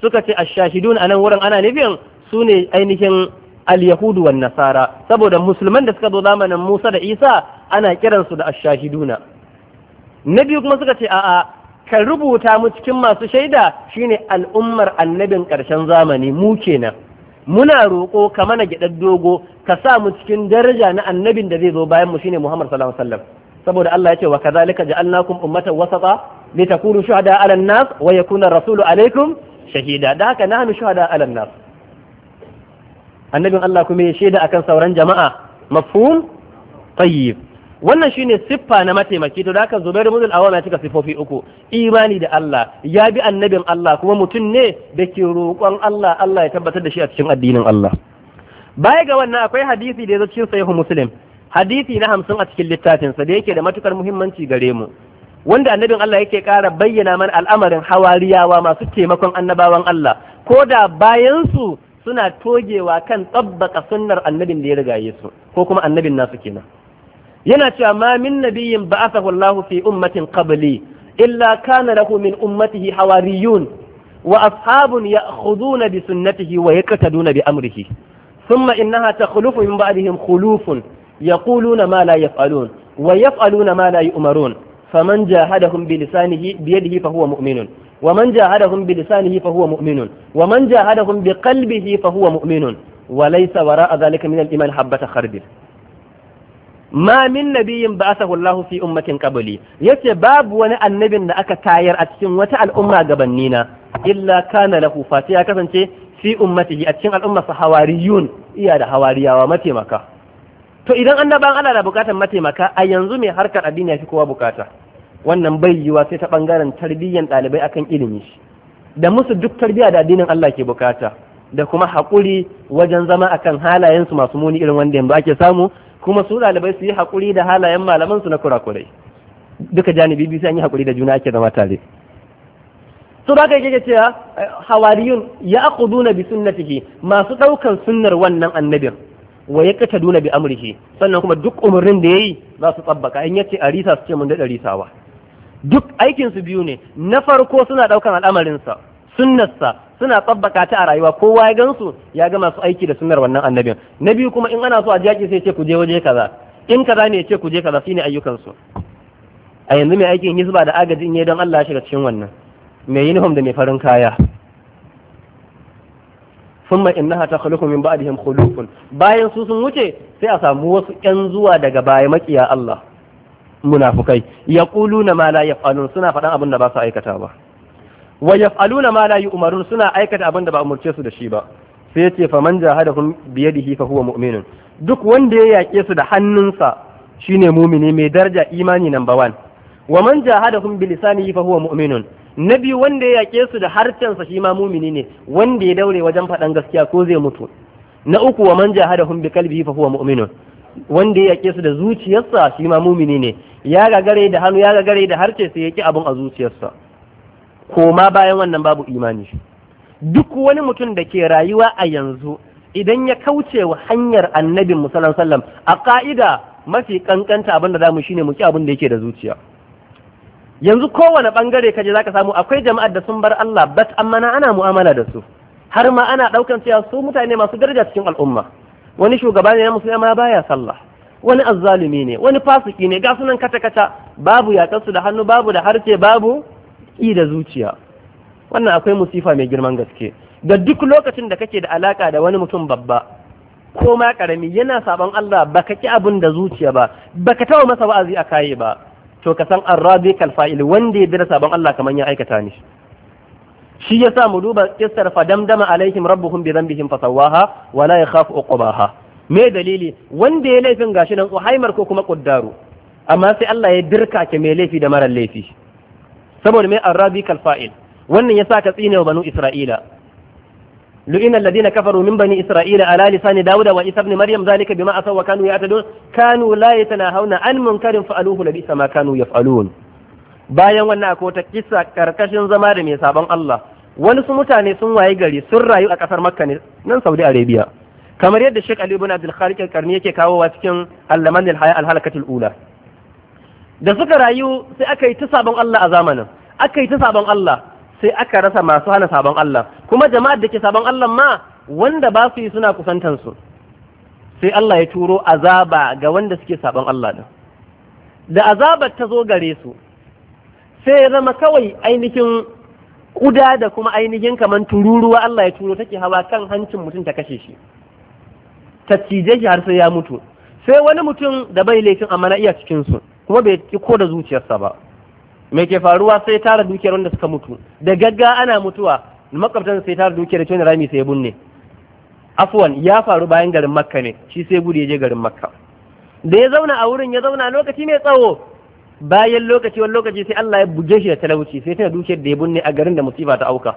suka ce ash-shahidun anan wurin ana nufin su ne ainihin al-yahudu wan nasara saboda musulman da suka zo zamanin Musa da Isa ana kiransu da ash-shahiduna na biyu kuma suka ce a'a ka rubuta mu cikin masu shaida shine al'ummar annabin ƙarshen zamani mu kenan muna roƙo ka mana gyaɗar dogo ka sa mu cikin daraja na annabin da zai zo bayan mu shine Muhammad sallallahu alaihi wasallam saboda Allah ya ce wa kadhalika ja'alnakum ummatan wasata litakunu shuhada 'ala an-nas wa yakuna rasulu 'alaykum shahida da haka nahnu shuhada 'ala an-nas annabin Allah kuma ya shaida akan sauran jama'a mafhum tayyib wannan shine siffa na mataimaki to da haka Zubair ibn al-Awwam ya cika siffofi uku imani da Allah ya bi annabin Allah kuma mutum ne da ke roƙon Allah Allah ya tabbatar da shi a cikin addinin Allah baya ga wannan akwai hadisi da ya zo cikin sahihu Muslim hadisi na hamsin a cikin littafin sa da yake da matukar muhimmanci gare mu wanda annabin Allah yake ƙara bayyana mana al'amarin hawariyawa masu taimakon annabawan Allah ko da bayan su suna togewa kan tsabbaka sunnar annabin da ya rigaye su ko kuma annabin nasu kenan yana cewa ma min nabiyyin ba'athahu Allah fi ummatin qabli illa kana lahu min ummatihi hawariyun wa ashabun ya'khuduna bi sunnatihi wa yaqtaduna bi amrihi thumma innaha takhlufu min ba'dihim khulufun yaquluna ma la yaf'alun wa yaf'aluna ma la yu'marun faman jahadahum bi lisanihi bi yadihi fa huwa mu'minun ومن جاهدهم بلسانه فهو مؤمن ومن جاهدهم بقلبه فهو مؤمن وليس وراء ذلك من الإيمان حبة خردل ma min nabiyin ba asahu Allah fi ummatin qabli yace babu wani annabin da aka tayar a cikin wata al'umma na illa kana lahu fati ya kasance fi ummatihi a cikin al'umma sa hawariyun iya da hawariyawa mataimaka to idan annaban ana da bukatar mataimaka a yanzu mai harkar addini ya fi kowa bukata wannan bai yiwa sai ta bangaren tarbiyyan ɗalibai akan ilimi da musu duk tarbiya da addinin Allah ke bukata da kuma haƙuri wajen zama akan su masu muni irin wanda yanzu ake samu kuma su ɗalibai su yi haƙuri da halayen malaman su na kurakurai duka janibi biyu an yi haƙuri da juna ake zama tare su da kai yake cewa hawariyun ya aquduna bi sunnatihi masu ɗaukan sunnar wannan annabin wa ya kata duna bi amrihi sannan kuma duk umarnin da yayi za su tsabbaka in yace a risa su ce mun da risawa duk aikin su biyu ne na farko suna ɗaukan al'amarin sa sunnarsa suna tsabbaka ta a rayuwa kowa ya gansu ya ga masu aiki da sunnar wannan annabin na biyu kuma in ana so a jaki sai ce ku je waje kaza in kaza ne ce ku je kaza shine ayyukan su a yanzu mai aikin hisba da agajin yi don Allah ya shiga cikin wannan mai uniform da mai farin kaya ثم انها تخلق من بعدهم خلوق bayan su sun wuce sai a samu wasu yan zuwa daga baya makiya Allah munafukai yaquluna ma la yaf'alun suna faɗan abin da ba su aikata ba wa yaf'aluna ma la yu'marun suna aikata abin da ba umurce su da shi ba sai yace man jahadahum bi yadihi fa huwa mu'minun duk wanda ya yake su da hannunsa shine mumini mai daraja imani number 1 wa man jahadahum bi lisanihi fa huwa mu'minun na biyu wanda ya yake su da harcensa shi ma mumini ne wanda ya daure wajen faɗan gaskiya ko zai mutu na uku wa man jahadahum bi qalbihi fa huwa mu'minun wanda ya yake su da zuciyarsa shi ma mumini ne ya gagare da hannu ya gagare da harce sai yake abun a zuciyarsa koma bayan wannan babu imani duk wani mutum da ke rayuwa a yanzu idan ya kauce wa hanyar annabin musallan sallam a ka'ida mafi kankanta abin da mu shi mu ki abin da yake da zuciya yanzu kowane bangare kaje zaka samu akwai jama'ar da sun bar Allah bas amma ana mu'amala da su har ma ana daukan cewa su mutane masu daraja cikin al'umma wani shugaba ne na musulma baya sallah wani azzalumi ne wani fasiki ne ga sunan kata kata babu ya su da hannu babu da harce babu ƙi da zuciya wannan akwai musifa mai girman gaske ga duk lokacin da kake da alaka da wani mutum babba ko ma karami yana sabon Allah baka ƙi abin da zuciya ba baka tawa masa wa'azi a kaye ba to ka san arrabi kal fa'il wanda ya dira saban Allah kamar ya aikata ni shi yasa mu duba kissar fadamdama alaihim rabbuhum bi dhanbihim fasawaha wa la yakhafu uqbaha me dalili wanda ya laifin gashi nan uhaimar ko kuma kuddaru amma sai Allah ya dirka ke mai laifi da mara laifi saboda mai arrabi kalfa'il wannan sa ka tsine wa banu isra'ila lu'ina alladhina kafaru min bani isra'ila ala lisani Dawuda wa isa ibn maryam zalika bima asaw wa kanu ya'tadun kanu la yatanahawna an munkarin fa'aluhu labi sama kanu yaf'alun bayan wannan akwai wata kissa karkashin zama da mai sabon Allah wani su mutane sun waye gari sun rayu a kasar Makka ne nan Saudi Arabia kamar yadda Sheikh Ali ibn Abdul Khaliq al-Karni yake kawowa cikin Al-Laman al-Haya al-Halakatul Ula da suka rayu sai aka yi ta sabon Allah a zamanin aka yi ta sabon Allah sai aka rasa masu hana sabon Allah kuma jama'ar da ke sabon Allah ma wanda ba su yi suna kusantansu sai Allah ya turo azaba ga wanda suke sabon Allah din da azabar ta zo gare su sai ya zama kawai ainihin kuda da kuma ainihin kamar tururuwa Allah ya turo take hawa kan hancin mutum ta kashe shi ta cije shi har sai ya mutu sai wani mutum da bai laifin amma na iya cikin su kuma bai ki ko da zuciyarsa ba mai ke faruwa sai tara dukiyar wanda suka mutu da gagga ana mutuwa makwabtan sai tara dukiyar cewa rami sai bunne afwan ya faru bayan garin makka ne shi sai gudu ya je garin makka da ya zauna a wurin ya zauna lokaci mai tsawo bayan lokaci wani lokaci sai Allah ya buge shi da talauci sai tana dukiyar da ya bunne a garin da musiba ta auka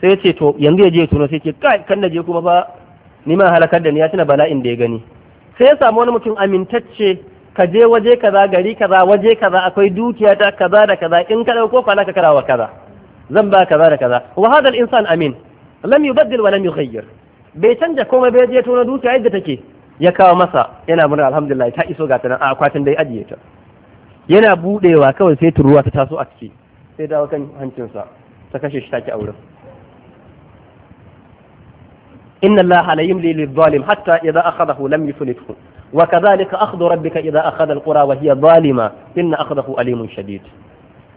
sai ya ce to yanzu ya je tuno sai ce kai kan na je kuma ba ni ma halakar da ni ya tana bala'in da ya gani sai ya samu wani mutum amintacce ka je waje kaza gari kaza waje kaza akwai dukiya ta kaza da kaza in ka dauko fa naka karawa kaza zan ba kaza da kaza wa hadha al-insan amin lam yubaddil wa lam yughayyir bai canja komai bai je tona dukiya yadda take ya kawo masa yana murna alhamdulillah ta iso ga ta a akwatin dai ajiye ta yana budewa kawai sai turuwa ta taso a ciki sai dawo kan hancinsa ta kashe shi take a wurin inna allaha la yumli lil-zalim hatta idha akhadahu lam yuflithu وكذلك أخذ ربك إذا أخذ القرى وهي ظالمة إن أخذه أليم شديد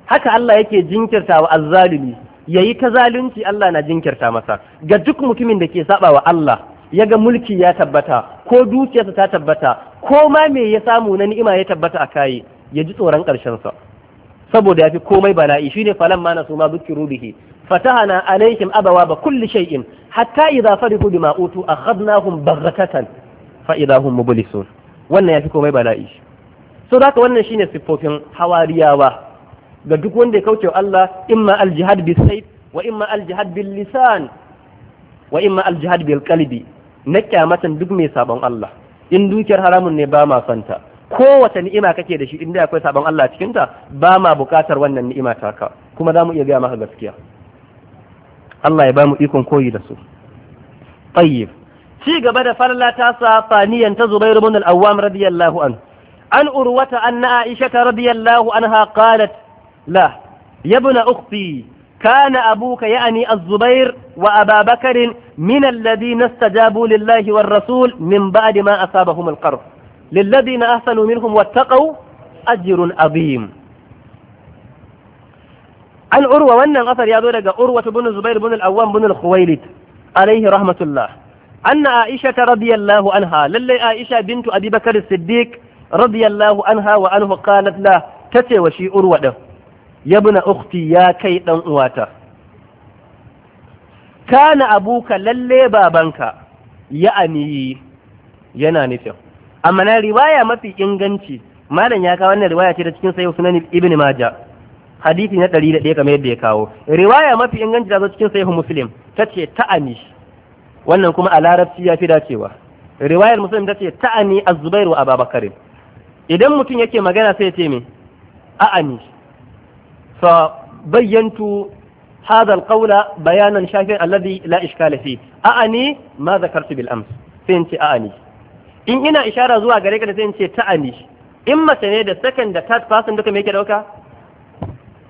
haka Allah yake jinkirta wa azzalimi yayi ta zalunci Allah na jinkirta masa ga duk mutumin da ke saba wa Allah ga mulki ya tabbata ko dukiyarsa ta tabbata ko ma me ya samu na ni'ima ya tabbata a kai ya ji tsoron karshen sa saboda yafi komai bala'i shine falan ma nasu ma bukiru bihi fatahana alaihim abawa ba kulli shay'in hatta idza farihu bima utu akhadnahum baghtatan fa hun mublisun wannan ya fi komai bala'i so ka wannan shine siffofin hawariyawa ga duk wanda ya kauce Allah imma ma aljihad bi sayf wa imma ma aljihad bil lisan wa imma ma aljihad bil qalbi na kyamatan duk mai sabon Allah in dukiyar haramun ne ba ma santa kowace ni'ima kake da shi in dai akwai sabon Allah cikinta, ba ma bukatar wannan ni'ima ka kuma za mu iya gaya maka gaskiya Allah ya ba mu ikon koyi da su tayyib ci gaba da farla ta sa faniyan ta Zubair ibn al-Awwam radiyallahu anhu an urwata anna Aisha radiyallahu anha qalat la ya ibn ukhti kana abuka ya'ni az-Zubair wa Abu Bakr min alladhina istajabu lillahi war rasul min ba'di ma asabahum al-qarh lilladhina ahsanu minhum wattaqu ajrun azim an urwa wannan asar ya zo daga urwa ibn Zubair ibn al-Awwam ibn al-Khuwailid alayhi rahmatullah anna aisha ta radiyallahu anha lallai aisha bintu abubakar siddiq radiyallahu anha wa anhu qalat la tace wa shi urwa din yabna ukhti ya kai dan uwata kana abuka lalle babanka ya ani yana nufin amma na riwaya mafi inganci malam ya kawo wannan riwaya ce ta cikin sahih sunan ibn maja hadisi na 101 kamar yadda ya kawo riwaya mafi inganci ta zo cikin sahih muslim tace ta ani wannan kuma a larabci ya fi dacewa riwayar muslim ta ce ta'ani az-zubair wa ababakar idan mutum yake magana sai ya ce me a'ani fa bayyantu bayanan shafin هذا القول بيانا شافيا الذي لا إشكال فيه أأني ما ذكرت بالأمس سنتي أأني إن إنا إشارة زوا غريكا سنتي تأني إما سنيد second da third person duka me yake dauka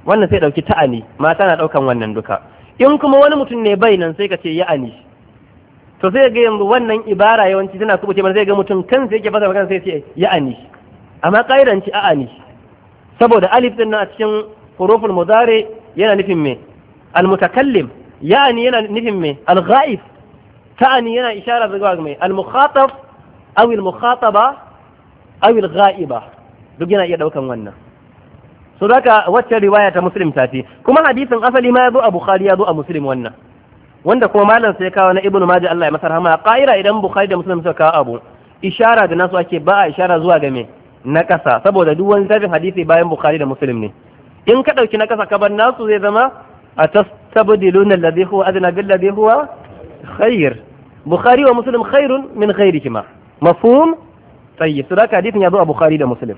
wannan sai dauki ta'ani mata na daukan wannan duka in kuma wani mutum ne bai nan sai ka ce ya'ani to sai ga yanzu wannan ibara yawanci tana kubuce mana sai ga mutum kansa yake fasa kansa sai ce ya'ani amma kaidan a a'ani saboda alif din nan a cikin huruful mudari yana nufin me al mutakallim ya'ani yana nufin me al ghaib ta'ani yana ishara zuwa ga me al mukhatab aw al mukhataba aw al ghaiba duk yana iya daukan wannan so zaka wacce riwaya ta muslim ta ce kuma hadisin asali ma ya zo a bukhari ya zo a muslim wannan wanda kuma malam sai kawo na ibnu maji Allah ya masar rahama qaira idan bukhari da muslim suka kawo abu ishara da nasu ake ba a ishara zuwa ga me na kasa saboda duk wani zafin hadisi bayan bukhari da muslim ne in ka dauki na kasa ka bar nasu zai zama a tastabdiluna alladhi huwa adna bil ladhi huwa khair bukhari wa muslim khairun min khairikima mafhum tayyib ka hadisin ya zo a bukhari da muslim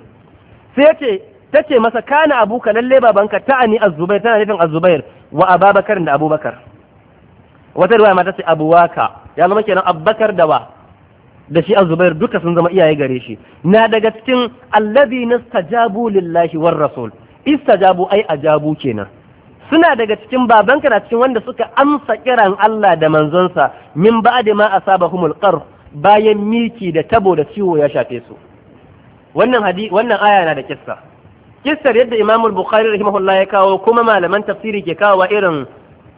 sai yace tace masa kana abuka lalle babanka ta'ani az-zubair tana nufin az-zubair wa ababakar da abubakar wata ruwaya mata ce abuwaka ya zama kenan abbakar da wa da shi azubair duka sun zama iyaye gare shi na daga cikin allazi nastajabu lillahi war rasul istajabu ai ajabu kenan suna daga cikin babanka da cikin wanda suka amsa kiran Allah da manzonsa min da ma asabahumul qarh bayan miki da tabo da ciwo ya shafe su wannan aya na da kissa kissar yadda Imamul Bukhari rahimahullah ya kawo kuma malaman tafsiri ke kawo irin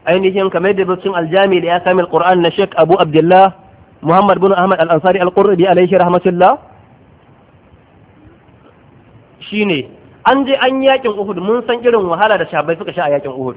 ainihin kamar da bacin aljami da ya sami qur'an na sheikh abu abdullah muhammad bin ahmad al-ansari al alaihi rahmatullah shine an je an yakin uhud mun san irin wahala da shabai suka sha a yakin uhud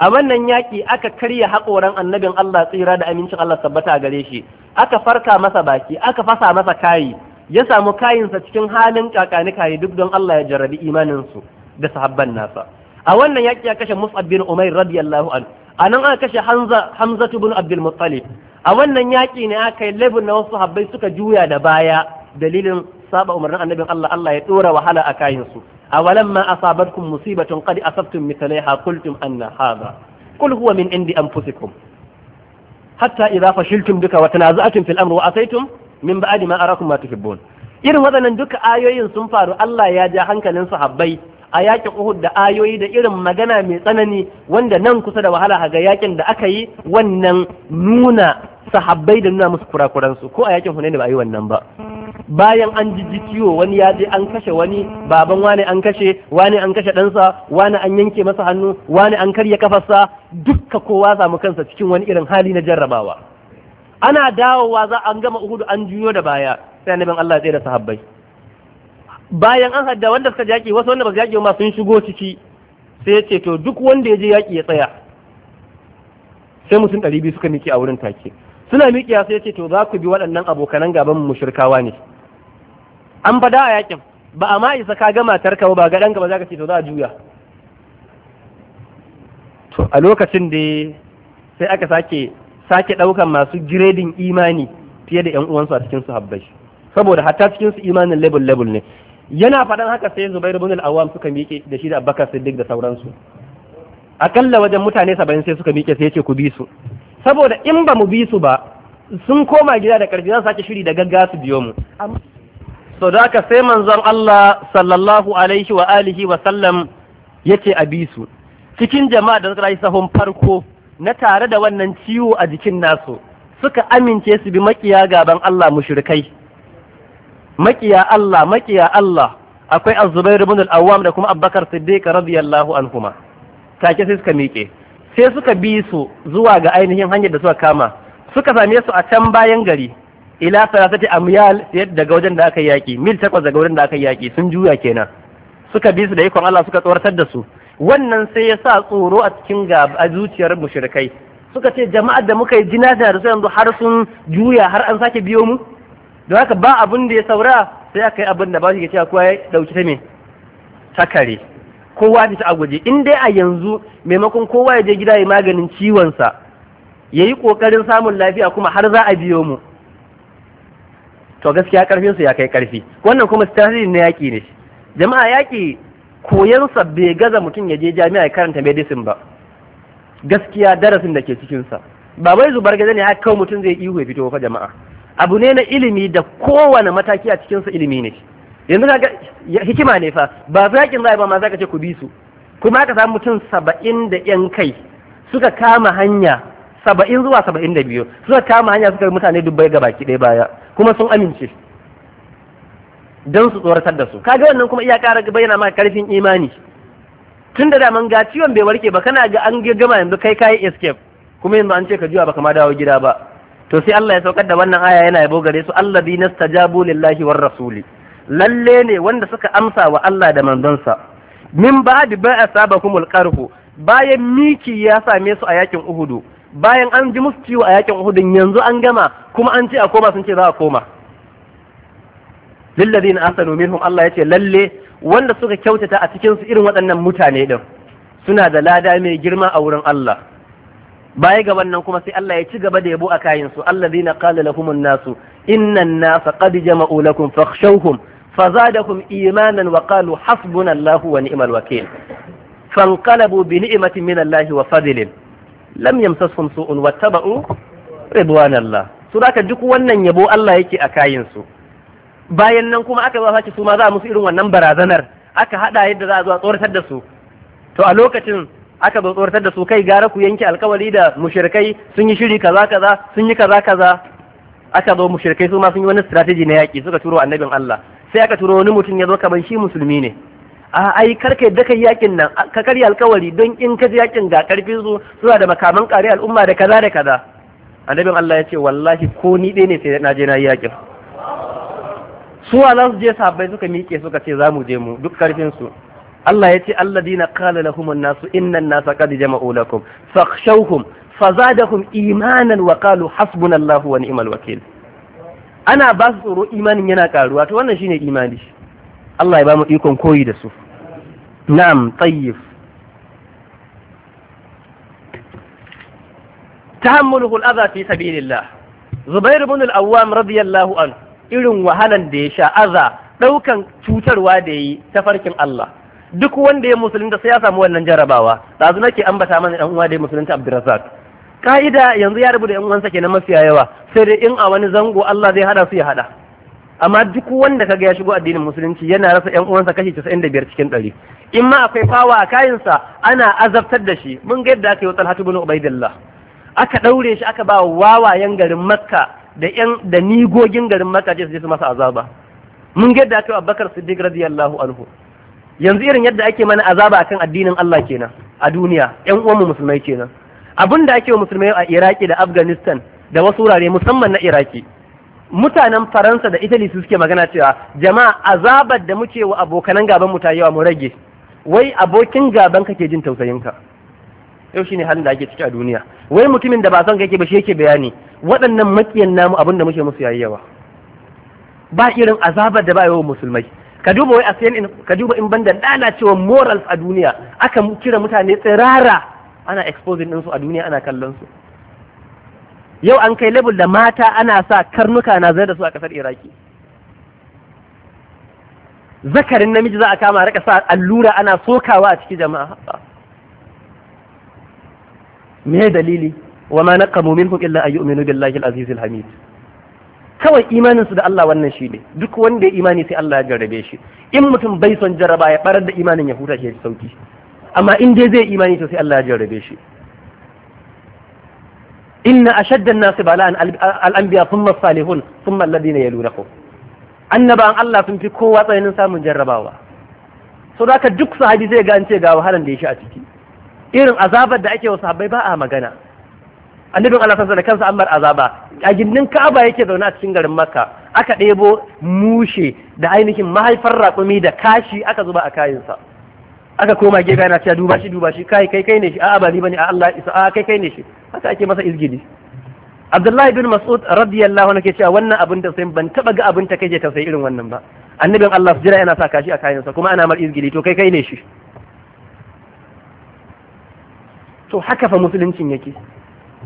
a wannan yaki aka karya haƙoran annabin Allah tsira da amincin Allah tabbata gare shi aka farka masa baki aka fasa masa kayi ya samu kayinsa cikin halin kakani kayi duk don Allah ya jarrabi imaninsu da sahabban nasa a wannan yaki ya kashe Mus'ab bin Umair radiyallahu anhu a nan aka kashe hamza ibn abdul muttalib a wannan yaƙi ne aka yi laifin na wasu habbai suka juya da baya dalilin saba umarnin annabin Allah Allah ya ɗora wahala a kayan su awalamma asabatkum musibatun qad asabtum mithlaiha qultum anna hadha qul huwa min indi anfusikum hatta idza fashiltum duka wa tanaza'tum fil amri wa asaytum min ba'di ma arakum ma tuhibbun irin waɗannan duka ayoyin sun faru Allah ya ja hankalin sahabbai a yakin Uhud da ayoyi da irin magana mai tsanani wanda nan kusa da wahala ga yakin da aka yi wannan nuna sahabbai da nuna musu kurakuransu ko a yakin Hunain ba a yi wannan ba bayan an ji ciwo wani ya je an kashe wani baban wani an kashe wani an kashe ɗansa wani an yanke masa hannu wani an karya kafarsa dukka kowa samu kansa cikin wani irin hali na jarrabawa ana dawowa za an gama uhudu an juyo da baya sai annabin Allah ya tsaye da sahabbai bayan an hadda wanda suka yaƙi wasu wanda ba su yaƙi ba sun shigo ciki sai ya ce to duk wanda ya je yaƙi ya tsaya sai mutum ɗari biyu suka miƙe a wurin take suna miƙiya sai ya ce to za ku bi waɗannan abokanan gaban mu shirkawa ne an fada a yaƙin ba a ma isa ka ga matarka ba ga ɗanka ba za ka ce to za a juya to a lokacin da sai aka sake sake ɗaukan masu giredin imani fiye da 'yan uwansu a cikin su habbai saboda hatta cikin su imanin level level ne yana faɗan haka sai Zubairu bin al-Awwam suka miƙe da shi da Abubakar Siddiq da sauransu akalla wajen mutane 70 sai suka miƙe sai yace ku bi su saboda in ba mu bi su ba sun koma gida da ƙarfi zan sake shiri da gaggawa su biyo mu so da sai manzon Allah sallallahu alaihi wa alihi wa sallam yace a bi su cikin jama'a da suka yi sahun farko na tare da wannan ciwo a jikin nasu suka amince su bi makiya gaban Allah mushrikai makiya Allah makiya Allah akwai az-zubair ibn al-awwam da kuma abubakar siddiq radiyallahu anhuma take sai suka miƙe sai suka bi su zuwa ga ainihin hanyar da suka kama suka same su a can bayan gari ila salatati amyal daga wajen da aka yaki mil takwas daga wajen da aka yaki sun juya kenan suka bi su da ikon Allah suka tsoratar da su wannan sai ya sa tsoro a cikin ga a zuciyar mushrikai suka ce jama'ar da muka yi jinaza da su yanzu har sun juya har an sake biyo mu don haka ba abin da ya saura sai aka yi abin da ba shi ke cewa kowa ya dauki ta me ta kare kowa ta a guje in dai a yanzu maimakon kowa ya je gida ya maganin ciwonsa ya yi kokarin samun lafiya kuma har za a biyo mu to gaskiya karfinsu ya kai ƙarfi wannan kuma tarihi na yaƙi ne jama'a yaƙi koyansa bai gaza mutum ya je jami'a ya karanta medicine ba gaskiya darasin da ke cikinsa ba wai zubar gaza ne kawo mutum zai ihu ya fito fa jama'a abu ne na ilimi da kowane mataki a cikinsa ilimi ne yanzu ga hikima ne fa ba za ki za ba ma za ka ce ku bi su kuma aka samu mutum saba'in da yan kai suka kama hanya saba'in zuwa saba'in da biyu suka kama hanya suka yi mutane dubbai ga baki ɗaya baya kuma sun amince don su tsoratar da su kaga wannan kuma iya ƙara bayyana maka karfin imani tun da daman ga ciwon bai warke ba kana ga an gama yanzu kai yi escape kuma yanzu an ce ka juya baka ma dawo gida ba to sai Allah ya saukar da wannan aya yana yabo gare su allazi nastajabu lillahi war rasuli lalle ne wanda suka amsa wa Allah da manzonsa min ba'di ba'a sabakumul qarhu bayan miki ya same su a yakin uhudu bayan an ji musu ciwo a yakin uhudun yanzu an gama kuma an ce a koma sun ce za a koma lilladina asanu minhum Allah yace lalle wanda suka kyautata a cikin su irin waɗannan mutane din suna da lada mai girma a wurin Allah baya ga wannan kuma sai Allah ya ci gaba da yabo a kayan su alladhina qala lahumun nasu innan nasa qad jama'u lakum fakhshawhum fazadakum imanan wa qalu hasbunallahu wa ni'mal wakeel fanqalabu bi ni'matin min Allah wa fadlin lam yamsasuhum su'un wattaba'u Allah. su da duk wannan yabo Allah yake a kayan su bayan nan kuma aka ba su ma za a musu irin wannan barazanar aka hada yadda za a zo a tsoratar da su to a lokacin aka zo tsoratar da su kai gara ku yanke alkawari da mushirkai sun yi shiri kaza kaza sun yi kaza kaza aka zo mushirkai su ma sun yi wani strategy na yaki suka turo annabin Allah sai aka turo wani mutum ya zo kaman shi musulmi ne a ai karka yadda kai yakin nan ka karya alkawari don in ka ji yakin ga karfin su suna da makaman kare al'umma da kaza da kaza annabin Allah ya ce wallahi ko ni ɗaya ne sai na je na yi yakin su za su je sabai suka miƙe suka ce za mu je mu duk karfin su Allah ya ce alladina qala lahum an-nasu inna an-nasa qad jama'u lakum fakhshawhum fazadahum imanan wa qalu hasbunallahu wa ni'mal wakil ana ba su tsoro imanin yana karuwa to wannan shine imani Allah ya ba mu ikon koyi da su na'am tayyib tahammuluhu al-adha fi sabilillah Zubair ibn al-Awwam radiyallahu anhu irin wahalan da ya sha aza daukan cutarwa da yi ta farkin Allah duk wanda ya musulunta sai ya samu wannan jarabawa ɗazu nake ambata mana ɗan uwa da ya musulunta abdurrazak ka'ida yanzu ya rubuta yan uwansa kenan mafiya yawa sai dai in a wani zango Allah zai hada su ya hada amma duk wanda kaga ya shigo addinin musulunci yana rasa yan uwansa kashi 95 cikin ɗari. in ma akwai fawa a kayansa ana azabtar da shi mun ga yadda aka yi wa hatu bin Ubaidillah aka ɗaure shi aka ba wawayen garin Makka da yan da nigogin garin Makka je su masa azaba mun ga yadda aka yi wa Abubakar Siddiq radiyallahu anhu yanzu irin yadda ake mana azaba akan addinin Allah kenan a duniya ƴan uwanmu musulmai kenan abin da ake wa musulmai a Iraki da Afghanistan da wasu wurare musamman na Iraki mutanen Faransa da Italy su suke magana cewa jama'a azabar da muke wa abokanan gaban mu ta yawa mu rage wai abokin gaban kake jin tausayin ka yau shine halin da ake ciki a duniya wai mutumin da ba son kake ba shi yake bayani waɗannan makiyan namu abin da muke musu yayi yawa ba irin azabar da ba yawa musulmai ka duba wai in ka duba in banda lalacewar morals a duniya aka kira mutane tsirara ana exposing ɗinsu a duniya ana kallon su yau an kai level da mata ana sa karnuka na zai da su a kasar iraki zakarin namiji za a kama raka sa allura ana sokawa a ciki jama'a me dalili wa ma naqamu minhum illa ayyuminu billahi al-aziz al-hamid kawai imaninsu da Allah wannan shi ne duk wanda ya imani sai Allah ya jarrabe shi in mutum bai son jarraba ya barar da imanin ya huta shi sauki amma in dai zai imani to sai Allah ya jarrabe shi inna ashaddan nasi bala'an al-anbiya thumma salihun thumma alladhina yalunahum annaban Allah sun fi kowa tsananin samun jarrabawa so da duk sahabi zai gance ga wahalan da ya shi a ciki irin azabar da ake wa sahabbai ba a magana annabin Allah sallallahu alaihi kansa an bar azaba a gindin Ka'aba yake zaune a cikin garin Makka aka ɗebo mushe da ainihin mahaifar raƙumi da kashi aka zuba a kayansa aka koma gefe yana cewa duba shi duba shi kai kai kai ne shi a'a ba ni bane a Allah isa a'a kai kai ne shi haka ake masa izgidi Abdullahi bin Mas'ud radiyallahu anhu ke cewa wannan abin da sai ban taba ga abin ta kai ta sai irin wannan ba annabin Allah jira yana sa kashi a kayansa kuma ana mar izgidi to kai kai ne shi to haka fa musuluncin yake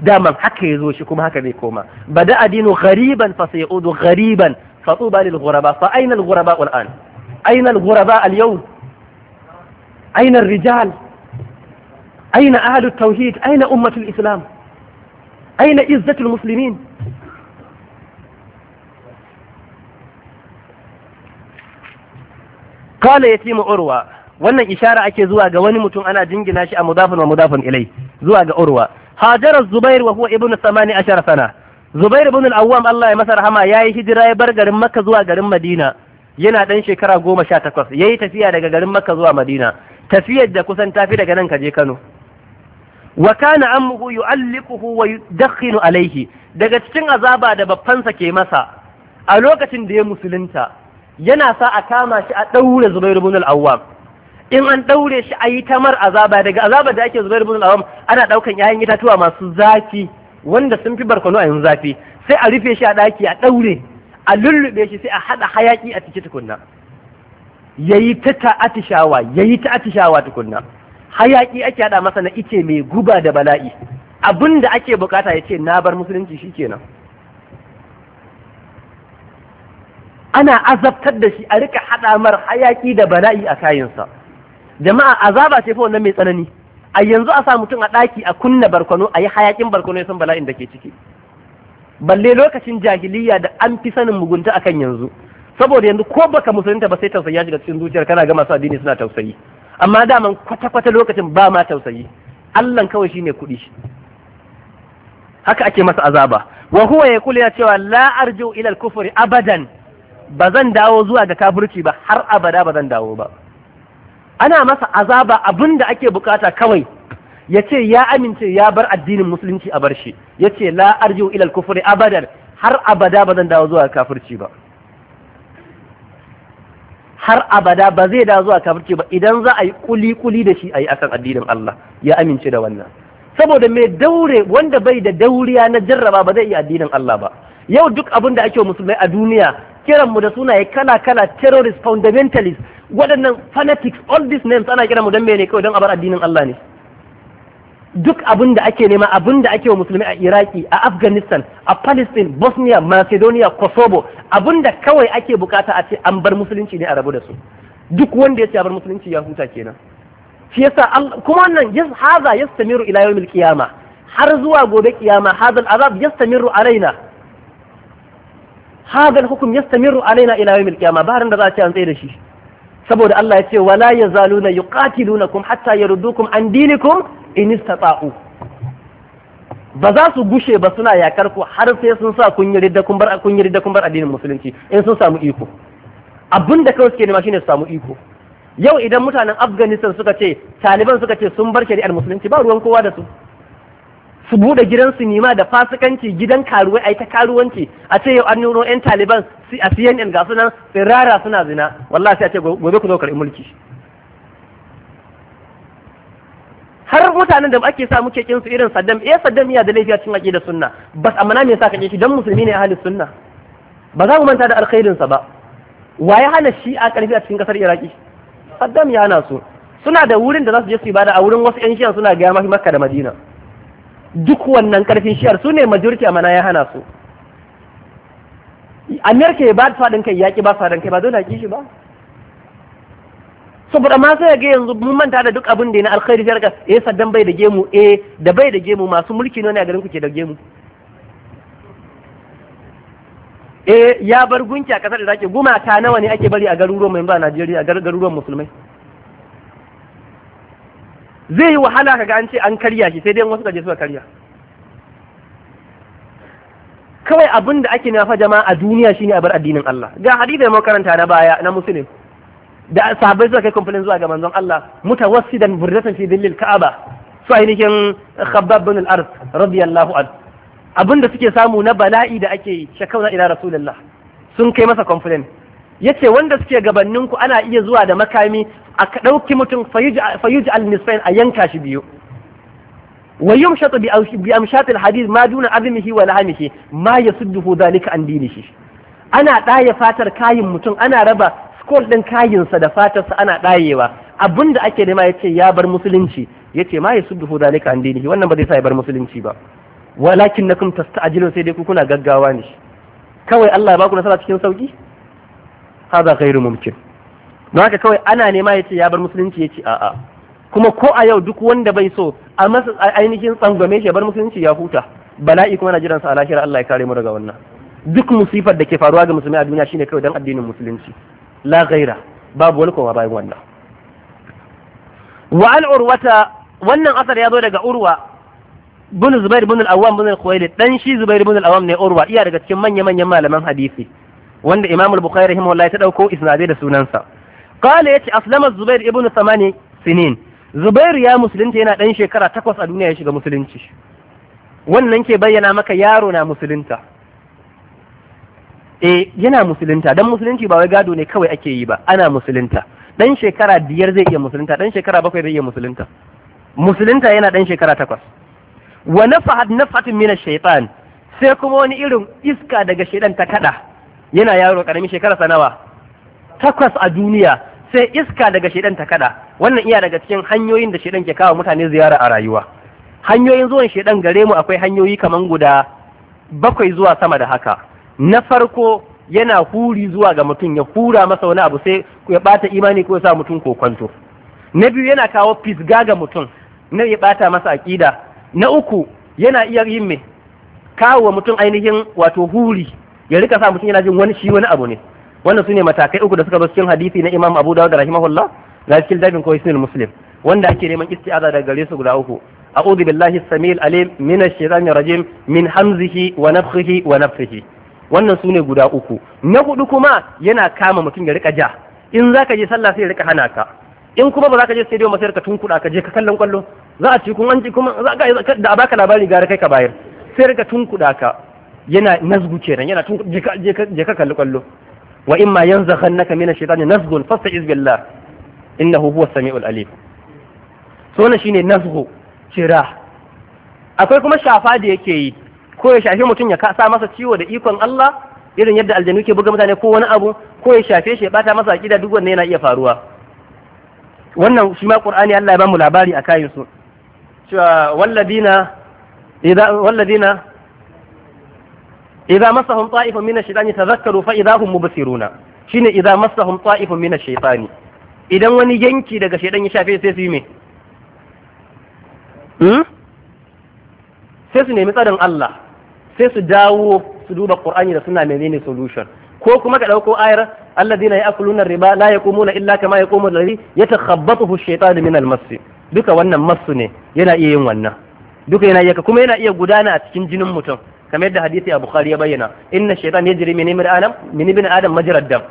دام حكي زوجكم هكذا كوما بدأ دينه غريبا فسيعود غريبا فطوبى للغرباء فأين الغرباء الآن أين الغرباء اليوم أين الرجال أين أهل التوحيد أين أمة الإسلام أين عزة المسلمين قال يتيم عروة wannan إشارة أكي زواج ga أنا mutum ana jingina shi a mudafin wa hajara zubair wa ibnu samani ashara sana zubair ibn al Allah ya masa rahama ya yi hijira ya bar garin makka zuwa garin madina yana dan shekara goma sha takwas yayi tafiya daga garin makka zuwa madina tafiyar da kusan tafi daga nan ka je kano wa kana ammuhu yu'alliquhu wa yudakhinu alayhi daga cikin azaba da baffansa ke masa a lokacin da ya musulunta yana sa a kama shi a daure Zubairu ibn al-awwam in an ɗaure shi a yi tamar azaba daga azabar da ake zubar bin awam ana ɗaukan 'ya'yan itatuwa masu zafi wanda sun fi barkwano a yanzu zafi sai a rufe shi a ɗaki a ɗaure a lullube shi sai a haɗa hayaƙi a ciki tukunna yayi ta ta atishawa yayi ta atishawa tukunna hayaƙi ake haɗa masa na ice mai guba da bala'i abin da ake bukata ya ce na bar musulunci shi kenan ana azabtar da shi a rika haɗa mar hayaƙi da bala'i a kayansa jama'a azaba ce fa wannan mai tsanani a yanzu a sa mutum a daki a kunna barkono, a yi hayakin barkwano ya san bala'in da ke ciki balle lokacin jahiliya da an fi sanin mugunta akan yanzu saboda yanzu ko baka musulunta ba sai tausayi ya shiga cikin zuciyar kana ga masu addini suna tausayi amma daman kwata-kwata lokacin ba ma tausayi Allahn kawai shine kuɗi haka ake masa azaba wa huwa ya cewa la arju ila al-kufri abadan bazan dawo zuwa ga kafirci ba har abada bazan dawo ba ana masa azaba abin da ake bukata kawai ya ce ya amince ya bar addinin musulunci a bar shi ya ce la ilal kufuri abadar har abada ba zan dawo zuwa kafirci ba har abada ba zai dawo zuwa kafirci ba idan za a yi kuli kuli da shi a yi akan addinin Allah ya amince da wannan saboda mai daure wanda bai da dauriya na jarraba ba zai yi addinin Allah ba yau duk abin da ake musulmai a duniya Kiran kiranmu da sunaye kala kala terrorist fundamentalist waɗannan fanatics all these names ana kiranmu don mene kawai don abar addinin Allah ne duk abin da ake nema abin da ake wa musulmi a iraki a afghanistan a palestine bosnia macedonia kosovo abin da kawai ake bukata a ce an bar musulunci ne a rabu da su duk wanda ya ce a bar musulunci ya huta kenan shi yasa kuma wannan yas haza yastamiru ila yawmil qiyama har zuwa gobe kiyama hadal azab yastamiru alaina hadha al-hukm yastamiru alaina ila yawm al-qiyamah ba da za a ce an tsaye da shi saboda Allah ya ce wala yazaluna yuqatilunakum hatta yaruddukum an dinikum in istata'u ba za su gushe ba suna yakar ku har sai sun sa kun yi kun bar kun yi kun bar addinin musulunci in sun samu iko abin da kawai suke nema shine su samu iko yau idan mutanen Afghanistan suka ce Taliban suka ce sun bar shari'ar musulunci ba ruwan kowa dasu. su bude gidansu nima da fasikanci gidan karuwai a ta karuwanci a ce yau an nuno yan taliban a cnn ga sunan tsirara suna zina wallahi sai a ce gobe ku zo karɓi mulki har mutanen da ake sa muke kinsu irin saddam eh saddam ya da laifiya cin aqida sunna bas amma na me yasa kake shi dan musulmi ne ahli sunna ba za mu manta da alkhairin sa ba waye hana shi a karfi a cikin kasar iraki saddam ya hana su suna da wurin da za su je su ibada a wurin wasu yan shiyan suna ga mafi makka da madina duk wannan karfin shiyar su ne majority mana ya hana su amerika ya ba da faɗin kai yaƙi ba faɗin kai ba dole haƙi shi ba saboda ma sai ga yanzu mun manta da duk abin da na alkhairi sai ga eh saddan bai da gemu eh da bai da gemu masu mulki ne a garin ku ke da gemu eh ya bar gunki a kasar da zake ta nawa ne ake bari a garuruwan mai ba Najeriya a garuruwan musulmai zai yi wahala kaga an ce an karya shi sai dai wasu kaje suka karya kawai abin da ake nafa jama'a a duniya shine a bar addinin Allah ga hadisi da makaranta na baya na muslim da sahabbai suka kai kumfulin zuwa ga manzon Allah mutawassidan burdatan fi dillil ka'aba su ainihin khabbab bin al-ard radiyallahu abin da suke samu na bala'i da ake shakauna ila rasulullah sun kai masa kumfulin yace wanda suke gabanin ku ana iya zuwa da makami a ɗauki mutum fayuj al nisfain a yanka shi biyu wa yumshatu bi amshat al hadid ma duna azmihi wa lahamihi ma sudduhu dhalika an dinihi ana ɗaya fatar kayin mutum ana raba skol ɗin sa da fatar sa ana ɗayewa abinda ake nema yace ya bar musulunci yace ma sudduhu dhalika an dinihi wannan ba zai sa ya bar musulunci ba walakin nakum tasta'jilun sai dai ku kuna gaggawa ne kawai Allah ya baku nasara cikin sauki hada ghairu mumkin don haka kawai ana nema ya ce ya bar musulunci ya ce a'a kuma ko a yau duk wanda bai so a masa ainihin tsangwame shi ya bar musulunci ya huta bala'i kuma na jiran sa a Allah ya kare mu daga wannan duk musifar da ke faruwa ga musulmi a duniya shine kawai dan addinin musulunci la ghaira babu wani kowa bayan wannan wa al urwata wannan asar ya zo daga urwa bin zubair bin al-awwam bin al-khuwailid dan shi zubair bin al-awwam ne urwa iya daga cikin manya manyan malaman hadisi wanda Imam al-Bukhari rahimahullah ta dauko isnadai da sunansa qala yace aslama Zubair ibn Samani sinin Zubair ya musulunta yana dan shekara takwas a duniya ya shiga musulunci wannan ke bayyana maka yaro na musulunta e yana musulunta dan musulunci ba wai gado ne kawai ake yi ba ana musulunta dan shekara biyar zai iya musulunta dan shekara bakwai zai iya musulunta musulunta yana dan shekara takwas wa nafahat nafatin min ash-shaytan sai kuma wani irin iska daga shaidan ta kada yana yaro karami shekara sanawa takwas a duniya sai iska daga shedan ta kada wannan iya daga cikin hanyoyin da shedan ke kawo mutane ziyara a rayuwa hanyoyin zuwan shedan gare mu akwai hanyoyi kaman guda bakwai zuwa sama da haka na farko yana huri zuwa ga mutum ya hura masa wani abu sai ya bata imani ko ya sa mutum kwanto. na biyu yana kawo fisga ga mutum na ya bata masa aƙida na uku yana iya yin me kawo mutum ainihin wato huri ya rika sa mutum yana jin wani shi wani abu ne wannan sune matakai uku da suka zo cikin hadisi na Imam Abu Dawud rahimahullah na cikin dabin ko Sunan Muslim wanda ake neman isti'aza daga gare su guda uku a'udhu billahi samil alim min ash-shaytanir rajim min hamzihi wa nafthihi wa nafthihi wannan sune guda uku na hudu kuma yana kama mutum ya rika ja in zaka je sallah sai ya rika hana ka in kuma ba za ka je stadium ba sai ka tunkuda ka je ka kallon kwallo za a ci kuma an ji kuma za ka da baka labari gara kai ka bayar sai rika tunkuda ka yana nazgu kenan yana tun je ka kalli kallo wa imma yanzaghannaka mina ash-shaytani nazghun fasta'iz billah innahu huwa samiul alim so wannan shine nazgu kira akwai kuma shafa da yake yi ko ya shafi mutum ya sa masa ciwo da ikon Allah irin yadda aljanu ke buga mutane ko wani abu ko ya shafe shi ya bata masa aqida duk wannan yana iya faruwa wannan shi ma qur'ani Allah ya bamu labari a kayin su cewa walladina idza walladina إذا مسهم طائف من الشيطان تذكروا فإذا هم مبصرون hum إذا مسهم طائف من الشيطان إذا وني ينكي idan wani yanki daga shaytan ya shafe sai su yi me sai su nemi tsarin Allah sai su dawo su duba Qur'ani da suna menene solution ko kuma ka dauko ayar alladhina ya'kuluna riba la yaqumuna illa kama yaqumu alladhi yatakhabbathu ash-shaytanu min al-mass duka wannan masu ne yana iya yin wannan duka yana iya kuma yana iya gudana a cikin jinin mutum kamar yadda hadisi a bukhari ya bayyana inna shaitan yajri min ibn adam min ibn adam majrad dam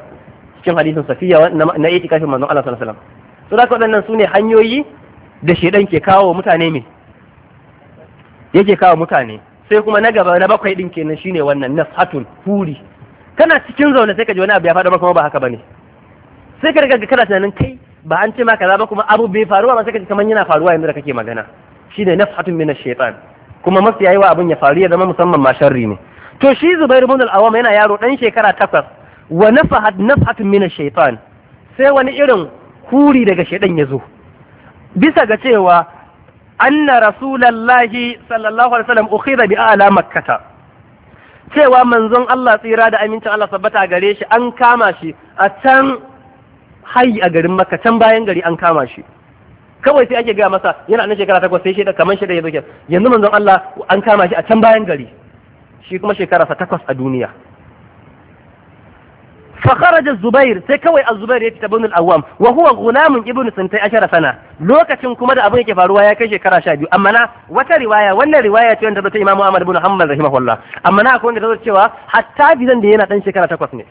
cikin hadisin safiya na itikafin manzon Allah sallallahu alaihi wasallam to da waɗannan sune hanyoyi da shaytan ke kawo mutane me yake kawo mutane sai kuma na gaba na bakwai din kenan shine wannan nashatun huri kana cikin zaune sai ka ji wani abu ya faɗo ba kuma ba haka bane sai ka riga kana tunanin kai ba an ce ma kaza ba kuma abu bai faruwa ba sai ka ji kamar yana faruwa yanzu da kake magana shine nashatun min ash-shaytan kuma masu yi wa abin ya faru ya zama musamman ma sharri ne to shi Zubair ibn al-Awwam yana yaro dan shekara takwas wa nafahat nafatun min ash sai wani irin huri daga shaydan ya zo bisa ga cewa anna rasulallahi sallallahu alaihi wasallam bi ala makkah cewa manzon Allah tsira da amincin Allah sabbata gare shi an kama shi a can hayi a garin Makka can bayan gari an kama shi kawai sai ake gaya masa yana nan shekara takwas sai shida kamar shida ya zo yanzu manzon Allah an kama shi a can bayan gari shi kuma sa takwas a duniya فخرج الزبير sai kawai az-zubair ya fita ibn al-awwam wa huwa gulamun ibn sintai ashara sana lokacin kuma da abin yake faruwa ya kai shekara 12 amma na wata riwaya wannan riwaya ce wanda ta imamu Ahmad ibn Hanbal rahimahullah amma na akwai wanda ta zo cewa hatta bizan da yana dan shekara takwas ne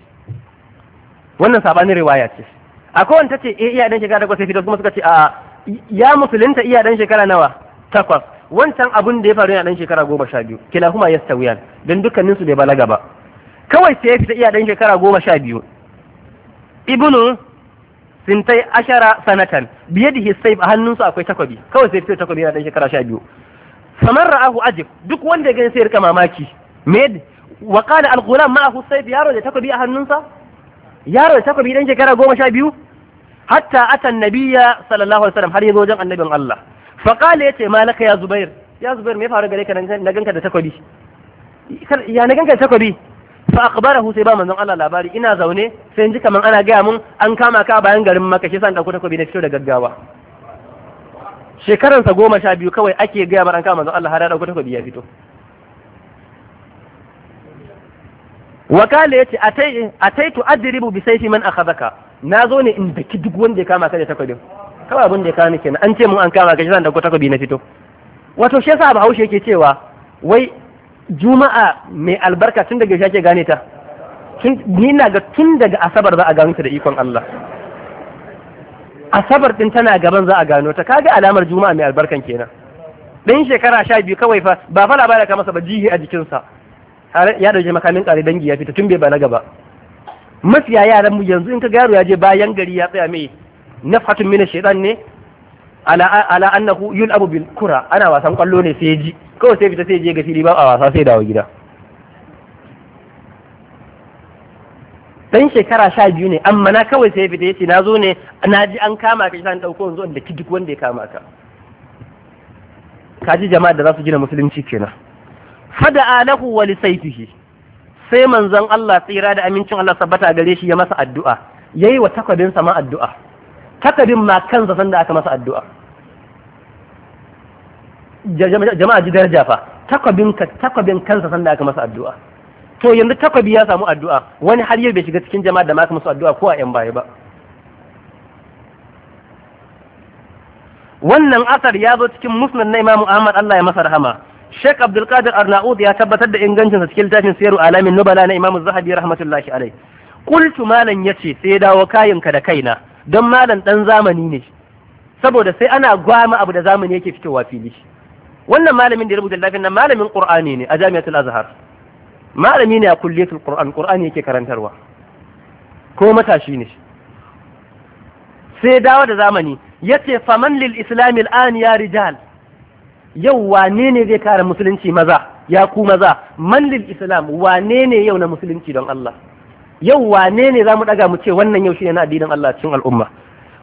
wannan sabanin riwaya ce akwai wanda tace eh iya dan shekara 8 sai fito kuma suka ce a ya musulunta iya dan shekara nawa takwas wancan abun da ya faru yana dan shekara goma sha biyu kila kuma ya sauya don dukkanin su bai balaga ba kawai sai ya fita iya dan shekara goma sha biyu ibnu sintai ashara sanatan biyadihi sayf a hannunsu akwai takobi kawai sai fita takobi yana dan shekara sha biyu faman ra'ahu ajib duk wanda ya gani sai rika mamaki med wa qala al-ghulam ma'ahu sayf yaro da takobi a hannunsa yaro da takobi dan shekara goma sha biyu hatta atan nabiyya sallallahu alaihi wasallam har yazo wajen annabin Allah fa qala yace malaka ya zubair ya zubair me faru gare ka na ganka da takobi ya na ganka da takobi fa akhbarahu sai ba manzon Allah labari ina zaune sai ji kaman ana gaya mun an kama ka bayan garin Makka shi sa an dauko takobi na fito da gaggawa shekaransa goma sha biyu kawai ake gaya mar an kama manzon Allah har ya dauko takobi ya fito wakala yace atai ataitu adribu bi sayfi man akhadaka na zo ne in daki duk wanda ya kama ka da takobi. kawai abin da ya kama kenan an ce mun an kama ka shi zan dauko takobi na fito wato shi yasa Bahaushe yake cewa wai juma'a mai albarka tun daga shi ake gane ta ni na ga tun daga asabar za a gano ta da ikon Allah asabar din tana gaban za a gano ta kaga alamar juma'a mai albarkan kenan dan shekara sha biyu kawai fa ba fa labarai ka masa ba jihi a jikinsa ya dauke makamin kare dangi ya fita tun bai balaga ba mafiya yaran mu yanzu in ka ga yaro ya je bayan gari ya tsaya mai nafhatun mina shaitan ne ala ala annahu yul'abu bil kura ana wasan kwallo ne sai ji kawai sai fita sai je ga fili ba a wasa sai dawo gida dan shekara sha biyu ne amma na kawai sai fita yace na zo ne na ji an kama ka san dauko yanzu da duk wanda ya kama ka kaji jama'a da za su gina musulunci kenan fada alahu wa lisaifihi sai manzon Allah tsira da amincin Allah sabbata gare shi ya masa addu'a yayi wa takwadin sama addu'a takwadin ma kansa sanda aka masa addu'a jama'a ji daraja fa takwabin takwabin kansa sanda aka masa addu'a to yanzu takwabi ya samu addu'a wani har yau bai shiga cikin jama'a da ma aka masa addu'a ko a yan baya ba wannan asar ya zo cikin musnad na Imam Ahmad Allah ya masa rahama Sheikh Abdul Qadir Arnaud ya tabbatar da ingancin sa cikin littafin Sayru Alamin Nubala na Imam Zahabi rahmatullahi alai qultu malan yace sai dawo ka da kaina don malan dan zamani ne saboda sai ana gwama abu da zamani yake fitowa fili wannan malamin da ya rubuta littafin nan malamin Qur'ani ne a Jami'atul Azhar malami ne a kulliyatul Qur'an Qur'ani yake karantarwa ko matashi ne sai dawo da zamani yace faman lil islamil an ya rijal yau wane ne zai kare musulunci maza ya ku maza man lil islam wane ne yau na musulunci don Allah yau wane ne zamu daga mu ce wannan yau shine na addinin Allah cikin al'umma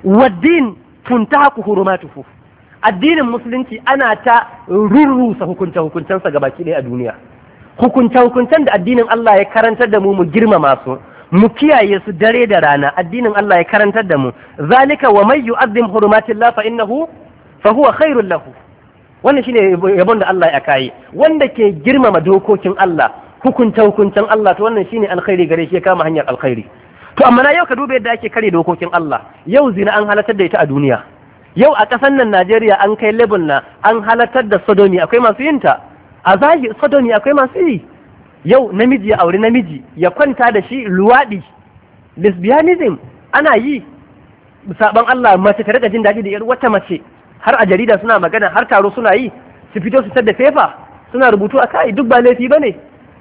waddin tuntaku hurumatuhu addinin musulunci ana ta rurrusa hukunce sa gabaki ɗaya a duniya hukunta hukuncen da addinin Allah ya karantar da mu mu girmama su mu kiyaye su dare da rana addinin Allah ya karantar da mu zalika wa may yu'azzim hurumatillah fa innahu fa huwa khairul lahu wannan shine yabon da Allah ya kayi wanda ke girmama dokokin Allah hukunta hukuncin Allah to wannan shine alkhairi gare shi ya kama hanyar alkhairi to amma na yau ka dube yadda ake kare dokokin Allah yau zina an halatar da ita a duniya yau a ƙasar nan Najeriya an kai lebun na an halatar da sodomi akwai masu yin ta a zahi sodomi akwai masu yi yau namiji ya auri namiji ya kwanta da shi luwaɗi lesbianism ana yi saban Allah mace ta rika jin daɗi da yar wata mace har a jarida suna magana har taro suna yi su fito su da fefa suna rubutu a kai duk ba laifi bane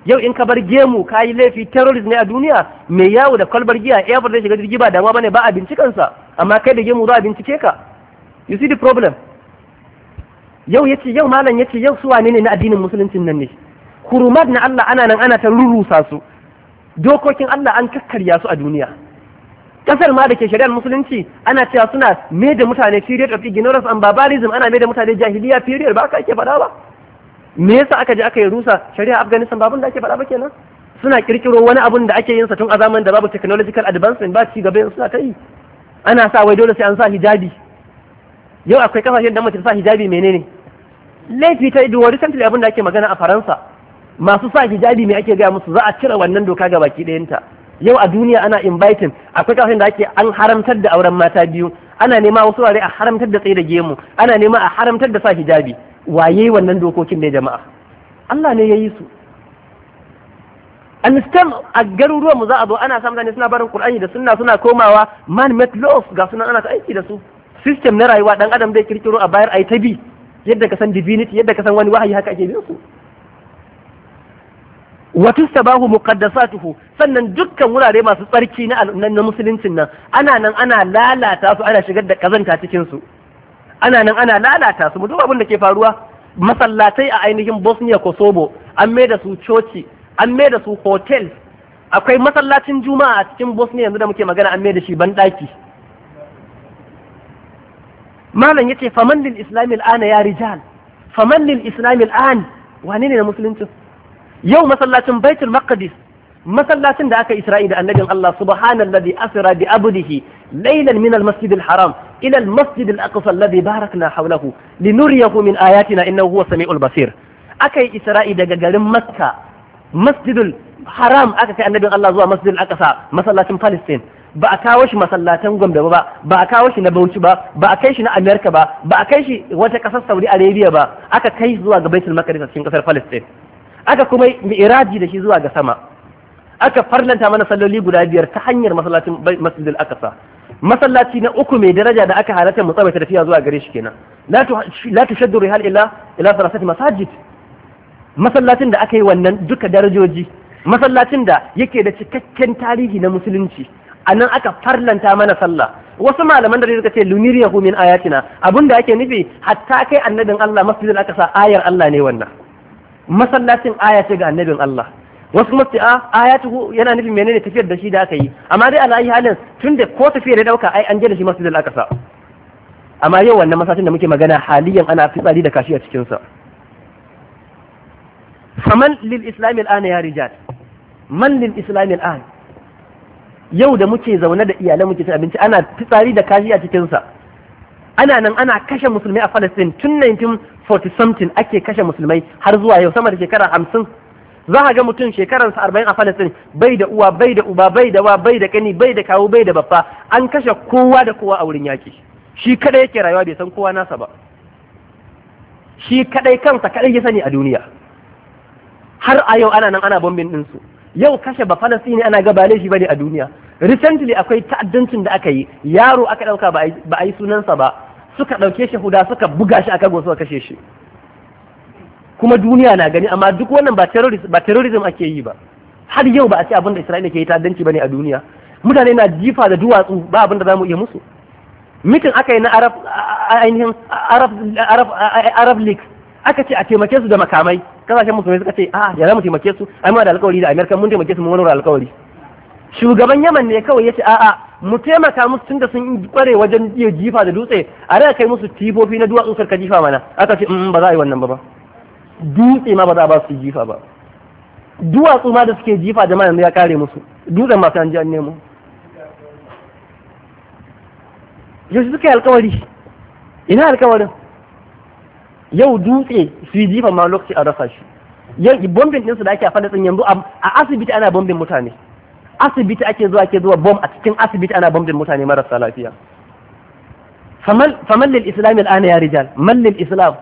yau in ka bar gemu ka yi laifi terrorist ne a duniya mai yawo da kwalbar giya airport zai shiga jirgi ba damuwa bane ba a sa amma kai da gemu za a bincike ka you see the problem yau yace yau malam yace yau su wane ne na addinin musuluncin nan ne hurumat na Allah ana nan ana ta rurrusa su dokokin Allah an kakkarya su a duniya kasar ma da ke shari'ar musulunci ana cewa suna mai da mutane period of ignorance and barbarism ana mai da mutane jahiliya period ba aka ake faɗa ba me yasa aka je aka yi rusa shari'a afghanistan ba da ake faɗa ba kenan suna kirkiro wani abun da ake yin sa tun a zamanin da babu technological advancement ba ci gaba suna kai? ana sa wai dole sai an sa hijabi yau akwai kasashen da mutum sa hijabi menene laifi ta ido recently abin da ake magana a faransa masu sa hijabi me ake gaya musu za a cire wannan doka ga baki ɗayanta yau a duniya ana inviting akwai kafin da ake an haramtar da auren mata biyu ana nema wasu ware a haramtar da tsaye da gemu ana nema a haramtar da sa hijabi waye wannan dokokin ne jama'a Allah ne ya yi su A a garuruwan mu za a zo ana sa mutane suna barin Qur'ani da sunna suna komawa man met laws ga sunan ana ta aiki da su system na rayuwa dan adam zai kirkiro a bayar ai ta bi yadda ka san divinity yadda ka san wani wahayi haka ake bin su wa tustabahu muqaddasatuhu sannan dukkan wurare masu tsarki na na musuluncin nan ana nan ana lalata su ana shigar da kazanta cikin su ana nan ana lalata su mu abin da ke faruwa masallatai a ainihin Bosnia Kosovo an mai su coci an mai su hotel akwai masallacin juma'a a cikin bosnia yanzu da muke magana an mai da shi banɗaki malam yace faman lil islami ya rijal faman lil islami al'an wane ne na musuluncin? yau masallacin baitul maqdis masallacin da aka isra'i da annabin Allah subhanallazi asra bi abdihi laylan min al-masjid haram ila al-masjid al-aqsa alladhi barakna hawlahu linuriyahu min ayatina innahu huwa samiul basir aka isra'i daga garin makka masjidul haram aka kai annabin Allah zuwa masjidul aqsa masallacin palestine ba a kawo shi masallatan gombe ba ba a kawo shi na bauchi ba ba a kai shi na america ba ba a kai shi wata kasar saudi arabia ba aka kai zuwa ga baitul maqdis cikin kasar palestine aka kuma iradi da shi zuwa ga sama aka farlanta mana salloli guda biyar ta hanyar masallacin masjidil aqsa masallaci na uku mai daraja da aka halatta mu tsawaita tafiya zuwa gare shi kenan la tushaddu rihal illa ila thalathati masajid masallacin da aka yi wannan duka darajoji masallacin da yake da cikakken tarihi na musulunci a nan aka farlanta mana sallah wasu malaman da suka ce luniriyahu min ayatina abinda ake nufi hatta kai annabin Allah masjidin aka ayar Allah ne wannan masallacin aya ce ga annabin Allah wasu kuma a ah, ayatu yana nufin menene tafiyar da shi da aka yi amma dai ala halin tun da ko tafiyar ya dauka ai an je da shi masjidil aqsa amma yau wannan masashin da muke magana haliyan ana fitsari da kashi a cikinsa. faman lil islam al'ana ya rijal man lil islam al'an yau da muke zaune da iyalan muke cin abinci ana fitsari da kashi a cikinsa. ana nan ana kashe musulmi a falastin tun 40 something ake kashe musulmai har zuwa yau sama da shekara 50 za ka ga mutum shekaransa 40 a falastin bai da uwa bai da uba bai da wa bai da kani bai da kawo bai da baffa an kashe kowa da kowa a wurin yaki shi kadai yake rayuwa bai san kowa nasa ba shi kadai kansa kadai ya sani a duniya har a yau ana nan ana bombin din su yau kashe ba Palestine ana gabale shi bane a duniya recently akwai ta'addancin da aka yi yaro aka dauka ba a yi sunansa ba suka ɗauke shi huda suka buga shi a kago suka kashe shi kuma duniya na gani amma duk wannan ba terrorism ake yi ba har yau ba a ce abin da Isra'ila ke yi ta'addanci bane a duniya mutane na jifa da duwatsu ba abin da zamu iya musu mitin aka yi na Arab ainihin Arab League aka ce a taimake su da makamai kasashen musulmai suka ce a ya za mu taimake su ai ma da alƙawari da Amerika mun taimake su mun wani alƙawari shugaban yaman ne kawai ya ce a'a mu taimaka musu tunda sun kware wajen iya jifa da dutse a rai kai musu tifofi na duwatsu karka jifa mana aka ce mm, mm, ba za a yi wannan ba ba dutse ma ba za a ba su jifa ba duwatsu ma da suke jifa da yanzu ya kare musu dutsen masu an ji an nemo yau suka yi alkawari ina alkawarin yau dutse su yi jifa ma lokaci a rasa shi yau bombin ɗinsu da ake a fada yanzu a asibiti ana bombin mutane asibiti ake zuwa ke zuwa bom a cikin asibiti ana bom din mutane marasa lafiya faman lil islam al'ana ya rijal man lil islam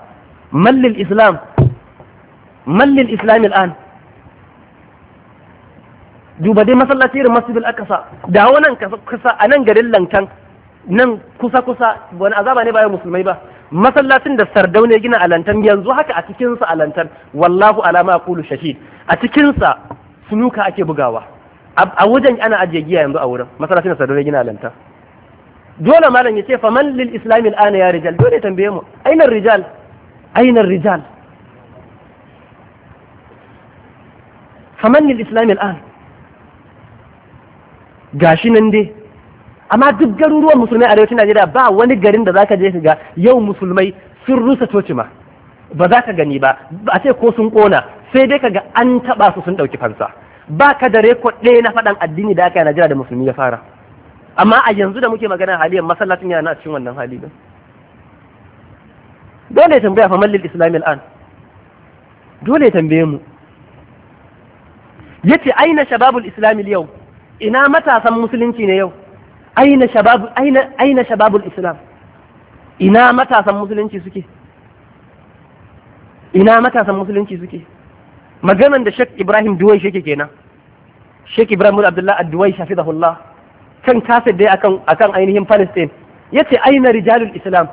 man lil islam man lil islam al'an duba dai masallaci irin masjidil akasa da wannan kusa a nan garin lantan nan kusa kusa wani azaba ne bayan musulmai ba masallacin da sardau ne gina alantan yanzu haka a cikinsa alantan wallahu alama kulu shahid a cikinsa sunuka ake bugawa a wajen ana ajiye giya yanzu a wurin masallacin da sadar gina lanta dole malam ya ce faman lil islamil ana ya rijal dole tambaye mu ainar rijal ainar rijal faman lil islamin an gashi nan dai amma duk garuruwan musulmai a arewacin Najeriya ba wani garin da zaka je ka ga yau musulmai sun rusa coci ma ba za ka gani ba a ce ko sun kona sai dai ka ga an taba su sun dauki fansa ba ka da rekod ɗaya na faɗan addini da aka yi Najeriya da musulmi ya fara amma a yanzu da muke magana haliyar masallacin yana cikin wannan hali ba. dole ya tambaya fa mallil islami al'an dole ya tambaye mu ce aina shababul islami yau ina matasan musulunci ne yau aina shababu aina aina shababul islam ina matasan musulunci suke ina matasan musulunci suke maganan da Sheikh Ibrahim Duwai shi kenan Sheikh Ibrahim Abdullah Ad-Duwai shafidahullah kan kafir dai akan akan ainihin Palestine yace aina rijalul islam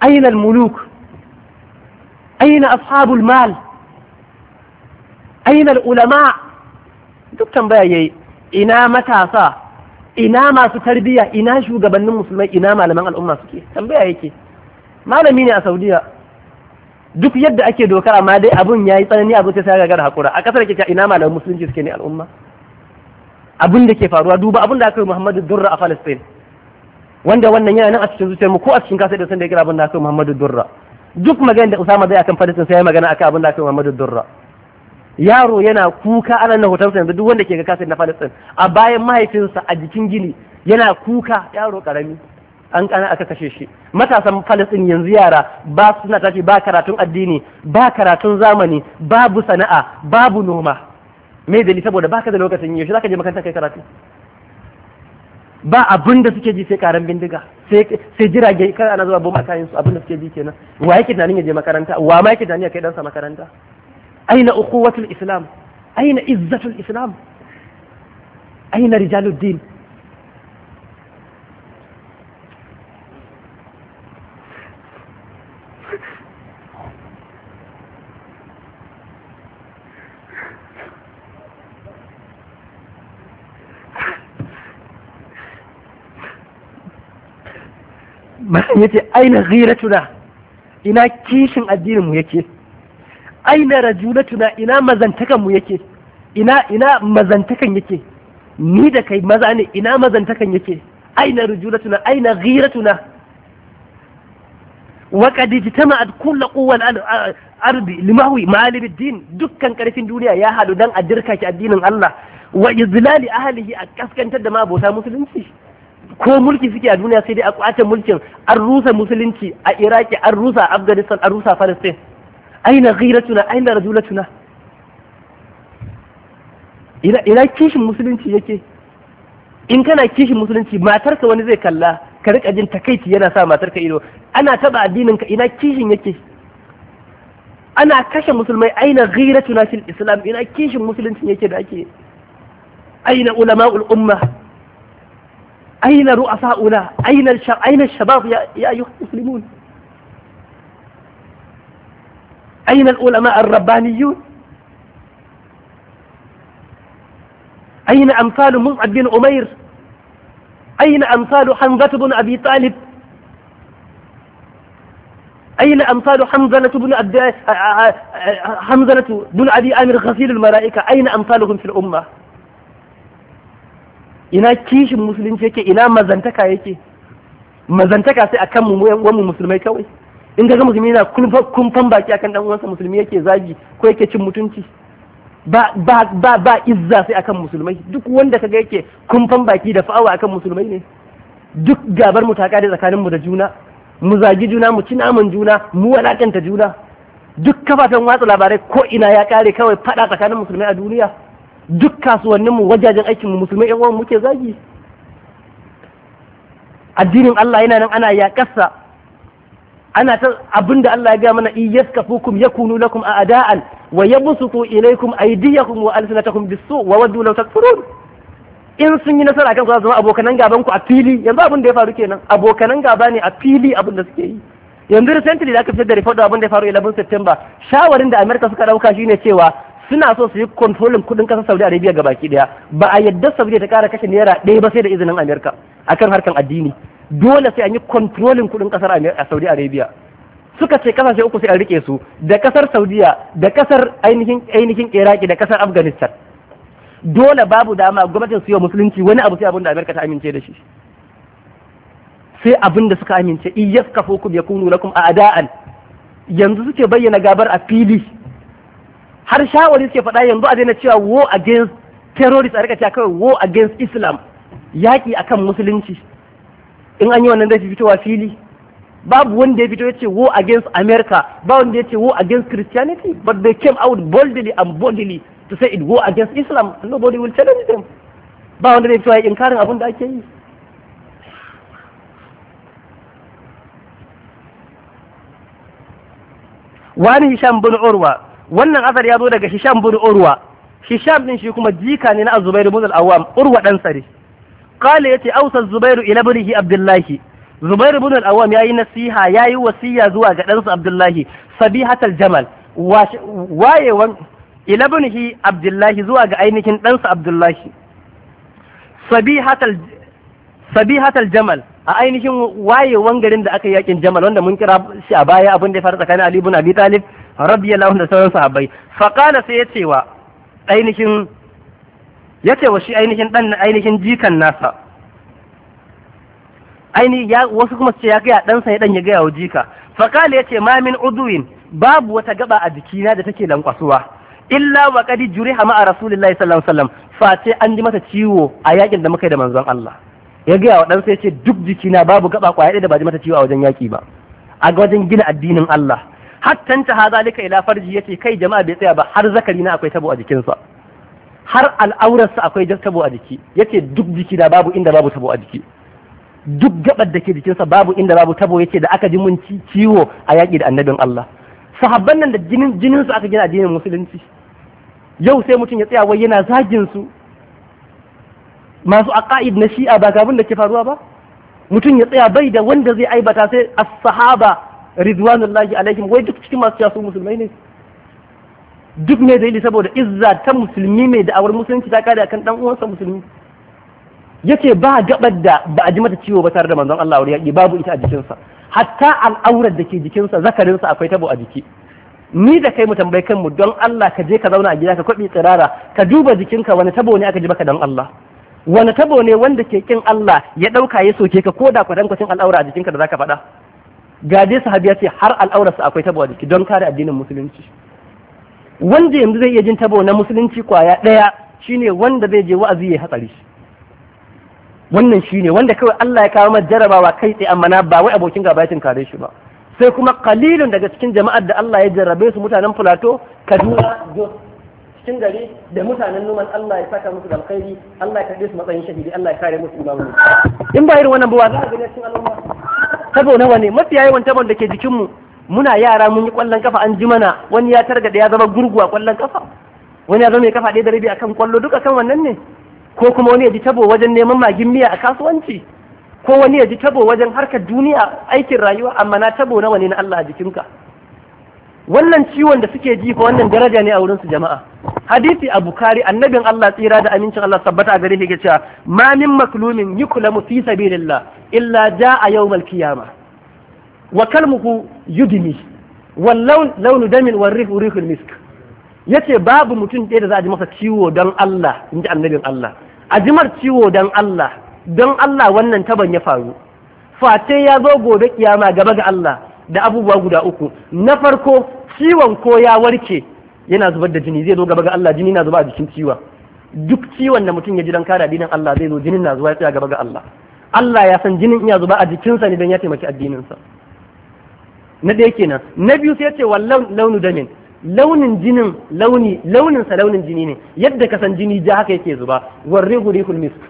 aina al-muluk aina ashabul mal aina al-ulama duk tambaya yayi ina matasa ina masu tarbiyya ina shugabannin musulmai ina malaman al'umma suke tambaya yake malami ne a Saudiya duk yadda ake dokar amma dai abun ya yi tsanani abun sai sai gagara hakura a kasar kika ina malamin musulunci suke ne al'umma abin da ke faruwa duba abin da aka yi Muhammadu Durra a Palestine wanda wannan yana nan a cikin zuciyar mu ko a cikin kasar da san da ya kira abin da aka yi Muhammadu Durra duk magana da Usama zai akan Palestine sai ya magana akan abin da aka yi Muhammadu Durra yaro yana kuka ana nan sa yanzu duk wanda ke ga kasar na Palestine a bayan mahaifinsa a jikin gini yana kuka yaro karami an kana aka kashe shi matasan falastin yanzu yara ba suna tashi ba karatun addini ba karatun zamani babu sana'a babu noma me dalili saboda baka da lokacin yau shi zaka je makaranta kai karatu ba abin da suke ji sai karan bindiga sai jirage kai ana zuwa bomba kayan su abin da suke ji kenan wa yake tunanin ya je makaranta wa ma yake tunanin ya kai dansa makaranta aina ukhuwatul islam aina izzatul islam aina rijaluddin din malam yace aina ghiratuna ina kishin addinin mu yake aina rajulatuna ina mazantakan mu yake ina ina mazantakan yake ni da kai maza ne ina mazantakan yake aina rajulatuna aina ghiratuna wa qad ijtama'at kullu quwwan ardi limahwi, ma'alib din dukkan karfin duniya ya hadu dan a dirka ki addinin Allah wa izlali ahlihi a kaskantar da mabota musulunci ko mulki suke a duniya sai dai a kwace mulkin an rusa musulunci a iraki an rusa afghanistan an rusa palestine aina ghiratuna aina rajulatuna ina ina kishin musulunci yake in kana kishin musulunci matarka wani zai kalla ka rika jin takaici yana sa matarka ido ana taba addinin ka ina kishin yake ana kashe musulmai aina ghiratuna fil islam ina kishin musulunci yake da ake aina ulama'ul umma أين رؤساؤنا أين, الشب... أين الشباب يا, يا أيها المسلمون أين العلماء الربانيون أين أمثال مصعب بن عمير أين أمثال حمزة بن أبي طالب أين أمثال حمزة بن أبي آه، آه، آه، حمزة بن أبي آمر غسيل الملائكة أين أمثالهم في الأمة ina kishin musulunci yake ina mazantaka yake mazantaka sai akan mu mu musulmai kawai in ga musulmi yana kumfan baki akan dan uwansa musulmi yake zagi ko yake cin mutunci ba ba ba izza sai akan musulmai duk wanda kaga yake kumfan baki da fa'awa akan musulmai ne duk gabar mu ta kare tsakanin mu da juna mu zagi juna mu ci naman juna mu walakanta juna duk kafafen watsa labarai ko ina ya kare kawai fada tsakanin musulmai a duniya duk kasuwanninmu wajajen aikinmu musulmai yan uwan muke zagi addinin Allah yana nan ana yaƙarsa ana ta abin da Allah ya ga mana iyaskafukum yakunu lakum a'da'an wa yabsutu ilaykum aydiyakum wa alsinatakum bisu wa waddu law takfurun in sun yi nasara kan su zama abokanan gaban ku a fili yanzu abin da ya faru kenan abokanan gaba ne a fili abin da suke yi yanzu recently da aka fitar da report abin da ya faru 11 September shawarin da America suka dauka shine cewa suna so su yi kontrolin kudin kasar Saudi Arabia ga baki daya ba a yadda Saudi ta kara kashe naira ɗaya ba sai da izinin Amerika akan harkar addini dole sai an yi kontrolin kudin kasar a Saudi Arabia suka ce kasashe uku sai an rike su da kasar Saudiya da kasar ainihin ainihin Iraki da kasar Afghanistan dole babu dama gwamnatin su yi musulunci wani abu sai abin da Amerika ta amince da shi sai abin da suka amince iyyakafukum yakunu lakum a'da'an yanzu suke bayyana gabar a fili har shawari suke faɗa yanzu a daina cewa war against terrorists a rika cewa kawai war against islam yaƙi akan musulunci in an yi wannan zai fitowa fili babu wanda ya fito ya ce war against america ba wanda ya ce war against christianity but they came out boldly and boldly to say it war against islam nobody will challenge them ba wanda zai fito ya inkarin abin da ake yi wani hisham bin urwa wannan asar ya zo daga hisham bin urwa hisham din shi kuma jika ne na azubairu bin al-awwam urwa dan sare qala yace ausa zubairu ila bunihi abdullahi zubairu bin al-awwam yayi nasiha yayi wasiya zuwa ga ɗansa abdullahi sabihatal jamal wayewan ila bunihi abdullahi zuwa ga ainihin ɗansa abdullahi sabihatal sabihatal jamal a ainihin wayewan garin da aka yakin jamal wanda mun kira shi a baya abin da ya faru tsakanin ali ibn abi talib rabbi Allah da sauran sahabbai fa qala sai yace wa ainihin yace wa shi ainihin dan ainihin jikan nasa aini ya wasu kuma ce ya gaya sa ya ɗan ya gaya wa jika fa ya ce ma min udwin babu wata gaba a jikina da take lankwasuwa illa wa kadi juriha ma rasulullahi sallallahu alaihi wasallam face an ji mata ciwo a yakin da muka yi da manzon Allah ya gaya wa dan sai ce duk jikina babu gaba kwaya da ba ji mata ciwo a wajen yaki ba a wajen gina addinin Allah hatta ta lika ila farji yace kai jama'a bai tsaya ba har zakari na akwai tabo a jikinsa har al'aurarsa akwai tabo a jiki yace duk jiki da babu inda babu tabo a jiki duk gabar da ke jikinsa babu inda babu tabo yace da aka ji mun ciwo a yaƙi da annabin Allah sahabban nan da jinin jinin su aka gina addinin musulunci yau sai mutum ya tsaya wai yana zagin su masu aqaid na shi'a ba ga abin da ke faruwa ba mutum ya tsaya bai da wanda zai aibata sai as-sahaba ridwanullahi alaihim wai duk cikin masu yasu musulmai ne duk ne dalili saboda izza ta musulmi mai da'awar musulunci ta kada kan dan uwansa musulmi yace ba gabar da ba a ji mata ciwo ba tare da manzon Allah wuri yaki babu ita a jikinsa hatta al'aurar da ke jikinsa zakarinsa akwai tabo a jiki ni da kai mu tambayi kanmu don Allah ka je ka zauna a gida ka kwabi tsirara ka duba jikinka wani tabo ne aka ji baka don Allah wani tabo ne wanda ke kin Allah ya dauka ya soke ka koda da kwacin al'aura a jikinka da za ka faɗa ga dai sahabi ce har al'aurarsa akwai tabo a jiki don kare addinin musulunci wanda yanzu zai iya jin tabo na musulunci kwaya daya, shine wanda zai je wa'azi ya hatsari wannan shine wanda kawai Allah ya kawo masa jarabawa kai tsaye amma na ba wai abokin gaba ya kare shi ba sai kuma kalilun daga cikin jama'ar da Allah ya jarrabe su mutanen Filato Kaduna Jos cikin gari da mutanen numan Allah ya saka musu alkhairi Allah ya kade su matsayin shahidi Allah ya kare musu imamu in ba irin wannan ba za a gani cikin al'umma kado nawa ne mafiya yawan tabon da ke mu muna yara mun yi kwallon kafa an ji mana wani ya targade ya zama gurguwa kwallon kafa wani ya zama mai kafa ɗaya da rabi akan kwallo duka kan wannan ne ko kuma wani ya ji tabo wajen neman magin miya a kasuwanci ko wani ya ji tabo wajen harkar duniya aikin rayuwa amma na tabo nawa ne na Allah a jikinka wannan ciwon da suke ji wannan daraja ne a wurin su jama'a hadisi a bukari annabin Allah tsira da amincin Allah tabbata a gare shi yake cewa ma min maklumin yuklamu fi sabilillah illa jaa yawmal qiyama wa kalmuhu yudmi wal lawn lawn damin war rihu rihul misk yace babu mutum ɗaya da za a ji masa ciwo don Allah inji annabin Allah A ajimar ciwo dan Allah don Allah wannan taban ya faru fate ya zo gobe kiyama gaba ga Allah da abubuwa guda uku na farko ciwon ko ya warke yana zubar da jini zai zo gaba ga Allah jini na zuba a jikin ciwon duk ciwon da mutum ya ji dan kare addinin Allah zai zo jinin na zuba ya tsaya gaba ga Allah Allah ya san jinin iya zuba a jikinsa ne don ya taimaki addininsa na ɗaya kenan na biyu sai ya ce wa launu damin launin jinin launi launin sa launin jini ne yadda ka san jini ja haka yake zuba warri gurihul misk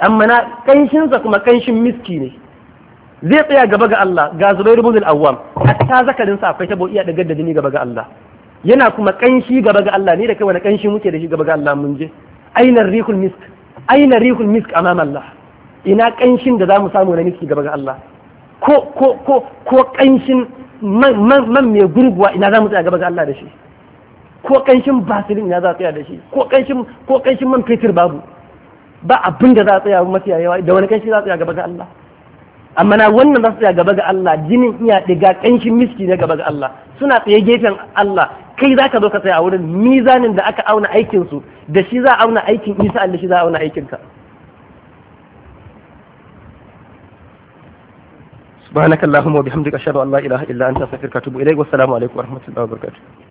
amma na kanshin sa kuma kanshin miski ne zai tsaya gaba ga Allah ga Zubairu bin Al-Awwam hatta zakarin sa akwai tabo iya dagar da jini gaba ga Allah yana kuma kanshi gaba ga Allah ne da kai wani kanshi muke da shi gaba ga Allah mun je aina rihul misk aina rihul misk amama Allah ina kanshin da zamu samu na miski gaba ga Allah ko ko ko ko kanshin man man mai gurguwa ina zamu tsaya gaba ga Allah da shi ko kanshin basilin ina za tsaya da shi ko kanshin ko kanshin man fitir babu ba abin da za tsaya masu yawa da wani kanshi za tsaya gaba ga Allah amma na wannan za su tsaya gaba ga Allah jinin iya diga kanshin miski na gaba ga Allah suna tsaye gefen Allah kai za ka zo ka tsaya a wurin mizanin da aka auna aikin su da shi za a auna aikin Isa da shi za a auna aikin ka subhanakallahumma wa bihamdika ashhadu an la ilaha illa anta astaghfiruka wa atubu ilaik wa assalamu alaikum wa rahmatullahi wa barakatuh